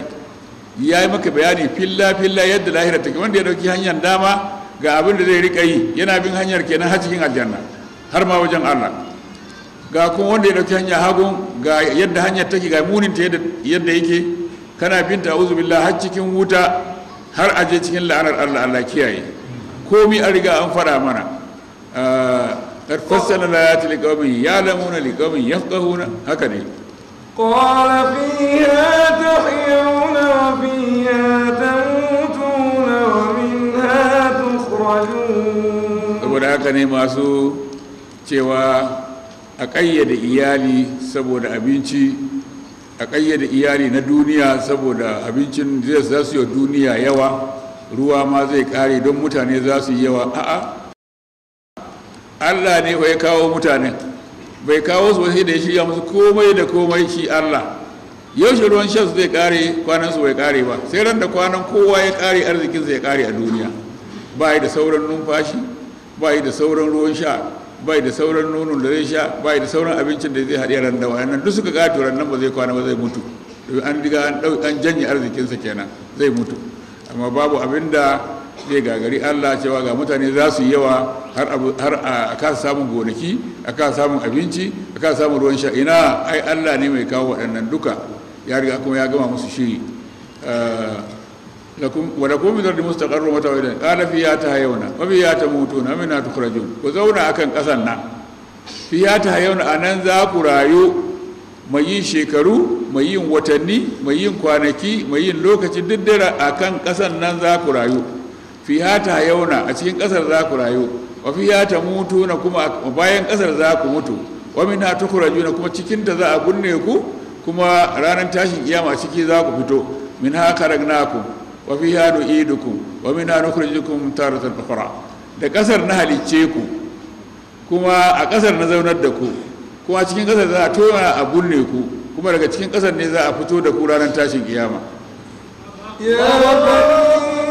ya yi maka bayani filla filla yadda lahirar take wanda ya dauki hanyar dama ga abin da zai rika yi yana bin hanyar kenan har cikin aljanna har ma wajen Allah ga kuma wanda ya dauki hanyar hagun ga yadda hanyar take ga munin ta yadda yake kana binta a'udhu billahi har cikin wuta har aje cikin la'anar Allah Allah kiyaye komi an riga an fara mana ah, قد فصل الآيات لقوم يعلمون لقوم يفقهون هكذا قال فيها تحيون وفيها تموتون ومنها تخرجون saboda haka ne masu cewa a ƙayyade iyali saboda abinci a ƙayyade iyali na duniya saboda abincin zai za su yi duniya yawa ruwa ma zai ƙare don mutane za su yi yawa a'a allah ne ya kawo mutanen bai kawo su wasu da ya shirya musu komai da komai shi allah yau shi ruwan shan zai kare kwanan su bai kare ba sai ran da kwanan kowa ya kare arzikin zai kare a duniya ba da sauran numfashi ba da sauran ruwan sha ba da sauran nonon da zai sha ba da sauran abincin da zai haɗe ran da nan duk suka kato ran nan ba zai kwana ba zai mutu an diga an janye arzikinsa kenan zai mutu amma babu abin da zai gagari allah cewa ga mutane za su yawa har a kasa samun gonaki a kasa samun abinci a kasa samun ruwan sha ina ai allah ne mai kawo waɗannan duka ya riga kuma ya gama musu shiri ولكم من الأرض مستقر ومتوى ku zauna يونا وفيها تموتون ومنها تخرجون وزونا أكن قصنا a nan za ku rayu mai yin shekaru mai yin watanni mai yin kwanaki mai yin lokaci duk dare a kan ƙasan nan za ku rayu ya ta yauna a cikin ƙasar za ku rayu wa ya ta mutu na kuma bayan ƙasar za ku mutu wa minha na kuma cikin ta za a gunne ku kuma ranar tashin kiyama ciki za ku fito min ha ku wa nu iduku wa minha nukhrijukum taratan ukhra da ƙasar na halicce ku kuma a ƙasar na zaunar da ku kuma cikin ƙasar za a tona a gunne ku kuma daga cikin ƙasar ne za a fito da ku ranar tashin kiyama ya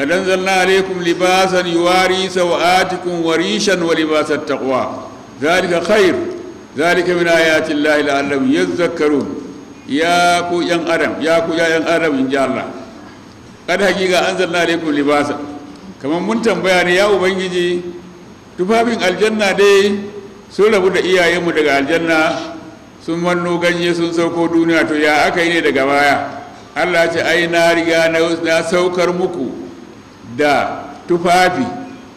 قد أنزلنا عليكم لباسا يواري سوآتكم وريشا ولباس التقوى ذلك خير ذلك من آيات الله لعلهم يذكرون يا كو ين أرم يا كو يا ين أرم إن الله قد حقيقة libasa. عليكم لباسا كما ne بياني يا أبنجي tufafin aljanna dai سولة بودا إيا iyayenmu daga aljanna sun manno ganye sun sauko duniya to ya aka yi ne daga baya allah ce ai na riga na saukar muku da tufafi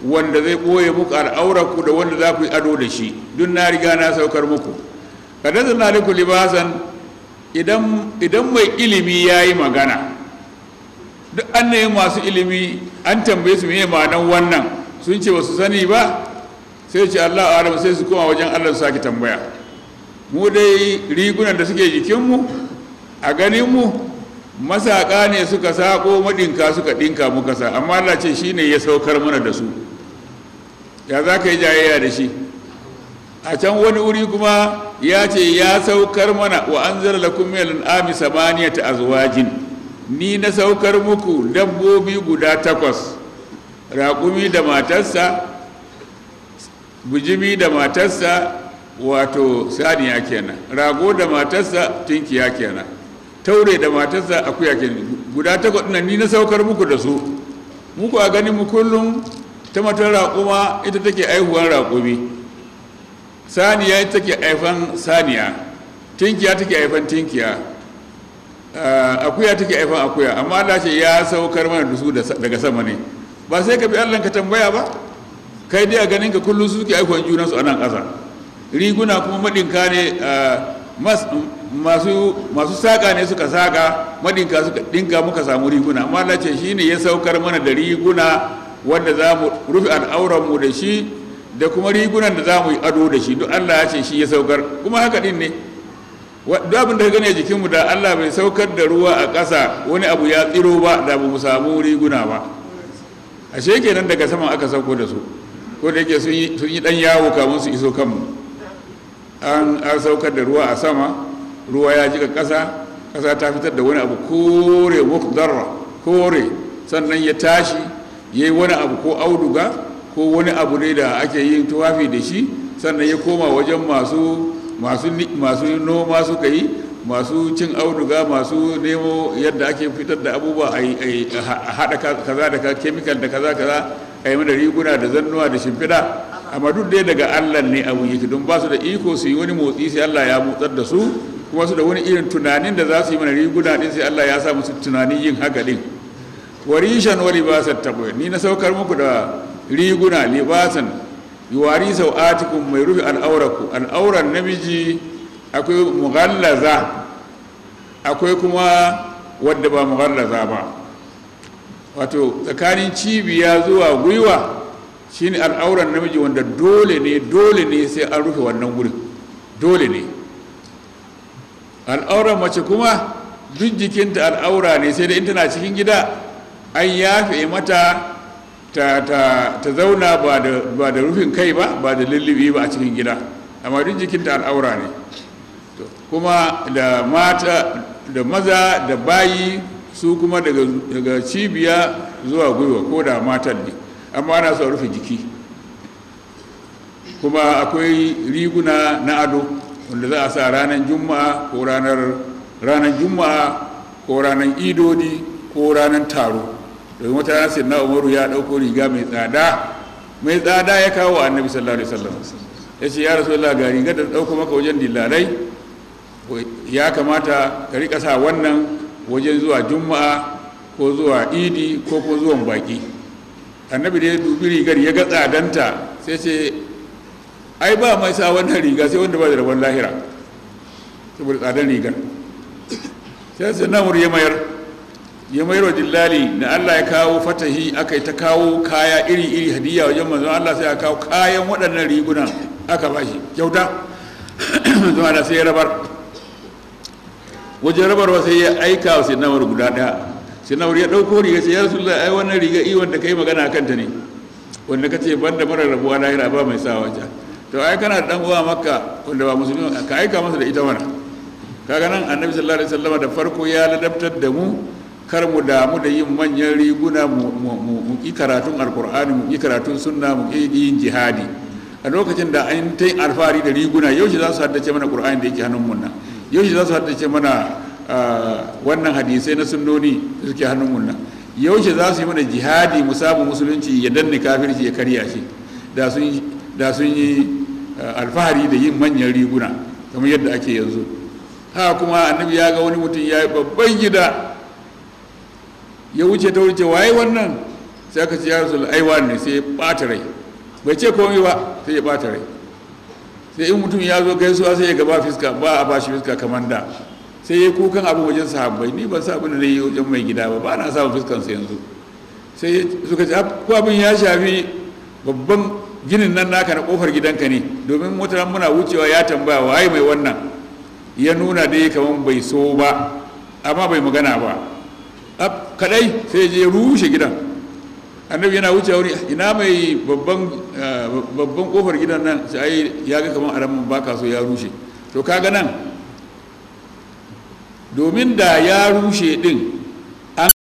wanda zai ɓoye muku al'aurarku da wanda za ku yi ado da shi duk na riga na saukar muku kadazin na liku libasan idan mai ilimi ya yi magana duk an na yi masu ilimi an tambaye su meye ma'anan wannan sun ce ba su sani ba sai ce allah adam sai su koma wajen allah su sake tambaya mu dai rigunan da suke jikinmu a ganinmu masaƙa ne suka saƙo maɗinka suka ɗinka muka sa amma Allah ce shi ne ya saukar mana da su ya za ka yi jayayya da shi a can wani wuri kuma ya ce ya saukar mana wa an zara lakum min al'ami samaniyata azwajin ni na saukar muku dabbobi guda takwas raƙumi da matarsa bujimi da matarsa wato saniya kenan rago da matarsa tunkiya kenan taure da matarsa akuya ke guda ta kwaɗina ni na saukar muku da su muku a gani mu kullum ta matar raƙuma ita take aihuwan raƙumi saniya ita take aifan saniya tinkiya take aifan tinkiya ah, akuya take aifan akuya amma Allah ce ya saukar mana da su daga sama ne ba sai ka bi Allah ka tambaya ba kai dai a ganin ka kullum su suke aihuwan junansu a nan ƙasa riguna kuma maɗinka ne ah, masu saƙa ne suka saƙa madinka suka ɗinka muka samu riguna amma Allah ce shi ne ya saukar mana da riguna wanda za mu rufe al'auranmu da shi da kuma rigunan da za mu yi ado da shi duk Allah ya ce shi ya saukar kuma haka ɗin ne duk abin da gane jikinmu da Allah bai saukar da ruwa a ƙasa wani abu ya tsiro ba da ba mu samu riguna ba ashe kenan daga saman aka sauko da su ko da yake sun yi ɗan yawo kamun su iso kanmu an saukar da ruwa a sama ruwa ya jika ƙasa ƙasa ta fitar da wani abu kore mukdarra kore sannan ya tashi ya yi wani abu ko auduga ko wani abu ne da ake yi tuwafi da shi sannan ya koma wajen masu masu noma suka yi masu cin auduga masu nemo yadda ake fitar da abubuwa a haɗa kaza da kemikal da kaza kaza a yi mana riguna da zannuwa da shimfiɗa amma duk dai daga Allah ne abu yake don ba su da iko su yi wani motsi sai Allah ya motsar da su kuma su da wani irin tunanin da za su yi mana riguna din sai Allah ya sa musu tunanin yin haka din warishan wa libasan taqwa ni na saukar muku da riguna libasan yuwari atikun mai rufe al'auraku al'auran namiji akwai mughallaza akwai kuma wadda ba mughallaza ba wato tsakanin cibiya zuwa gwiwa shine al'auran namiji wanda dole ne dole ne sai an rufe wannan gurin dole ne al'auran mace kuma duk jikinta al'aura ne sai da intana cikin gida an yafe mata ta, zauna ba da, rufin kai ba ba da lullubi ba a cikin gida amma duk jikinta al'aura ne kuma da mata da maza da bayi su kuma daga cibiya zuwa gwiwa ko da matan ne amma ana son rufe jiki kuma akwai riguna na ado wanda za a sa ranar juma'a ko ranar ranar juma'a ko ranar idodi ko ranar taro domin wata rana sai na umaru ya dauko riga mai tsada mai tsada ya kawo annabi sallallahu alaihi wasallam ya ce ya rasulullah ga riga da dauko maka wajen dillalai ya kamata ka riƙa sa wannan wajen zuwa juma'a ko zuwa idi ko ko zuwan baki. annabi da ya dubi rigar ya ga tsadanta sai ce ai ba mai sa wannan riga sai wanda ba da rabon lahira saboda tsadan rigar sai sai namur ya mayar ya mayar wa dillali na allah ya kawo fatahi aka yi ta kawo kaya iri iri hadiyya wajen manzon allah sai ya kawo kayan waɗannan riguna aka ba shi kyauta zuwa da sai ya rabar wajen rabarwa sai ya aika wa sai namur guda ɗaya sai na ya ɗauko riga ce ya da ai wannan riga wanda ka yi magana kan ta ne wanda ka ce ban da mara rabuwa lahira ba mai sawa wajen to ai kana da dan uwa makka wanda ba musulmi ka aika masa da ita mana kaga nan annabi sallallahu alaihi wasallam da farko ya ladabtar da mu kar mu damu da yin manyan riguna mu ki karatun alkur'ani mu ki karatun sunna mu ki yin jihadi a lokacin da an ta alfahari da riguna yau shi za su haddace mana qur'ani da yake hannun mun nan yau shi za su haddace mana wannan hadisai na sunnoni da suke hannun munna yaushe za su yi mana jihadi mu samu musulunci ya danne kafirci ya karya shi da sun yi alfahari da yin manyan riguna kamar yadda ake yanzu ha kuma annabi ya ga wani mutum ya yi babban gida ya wuce ta wuce waye wannan sai aka ce yaro sulu aiwa ne sai ya rai bai ce komai ba sai ya ɓata rai sai in mutum ya zo gaisuwa sai ya gaba fiska ba a bashi fiska kamar da sai ya kukan abu wajen sahabbai ni ban sa abin da yi wajen mai gida ba ba na samun fuskansa yanzu sai suka ce ah, ko abin ya shafi babban ginin nan naka na kofar gidanka ne domin mutanen muna wucewa ya tambaya waye mai wannan ya nuna dai kamar bai so ba amma bai magana ba kadai sai je rushe gidan annabi yana wucewa wuri ina mai babban kofar eh, gidan nan sai ya ga kamar aramin baka so ya rushe to ka ga nan domin da ya rushe din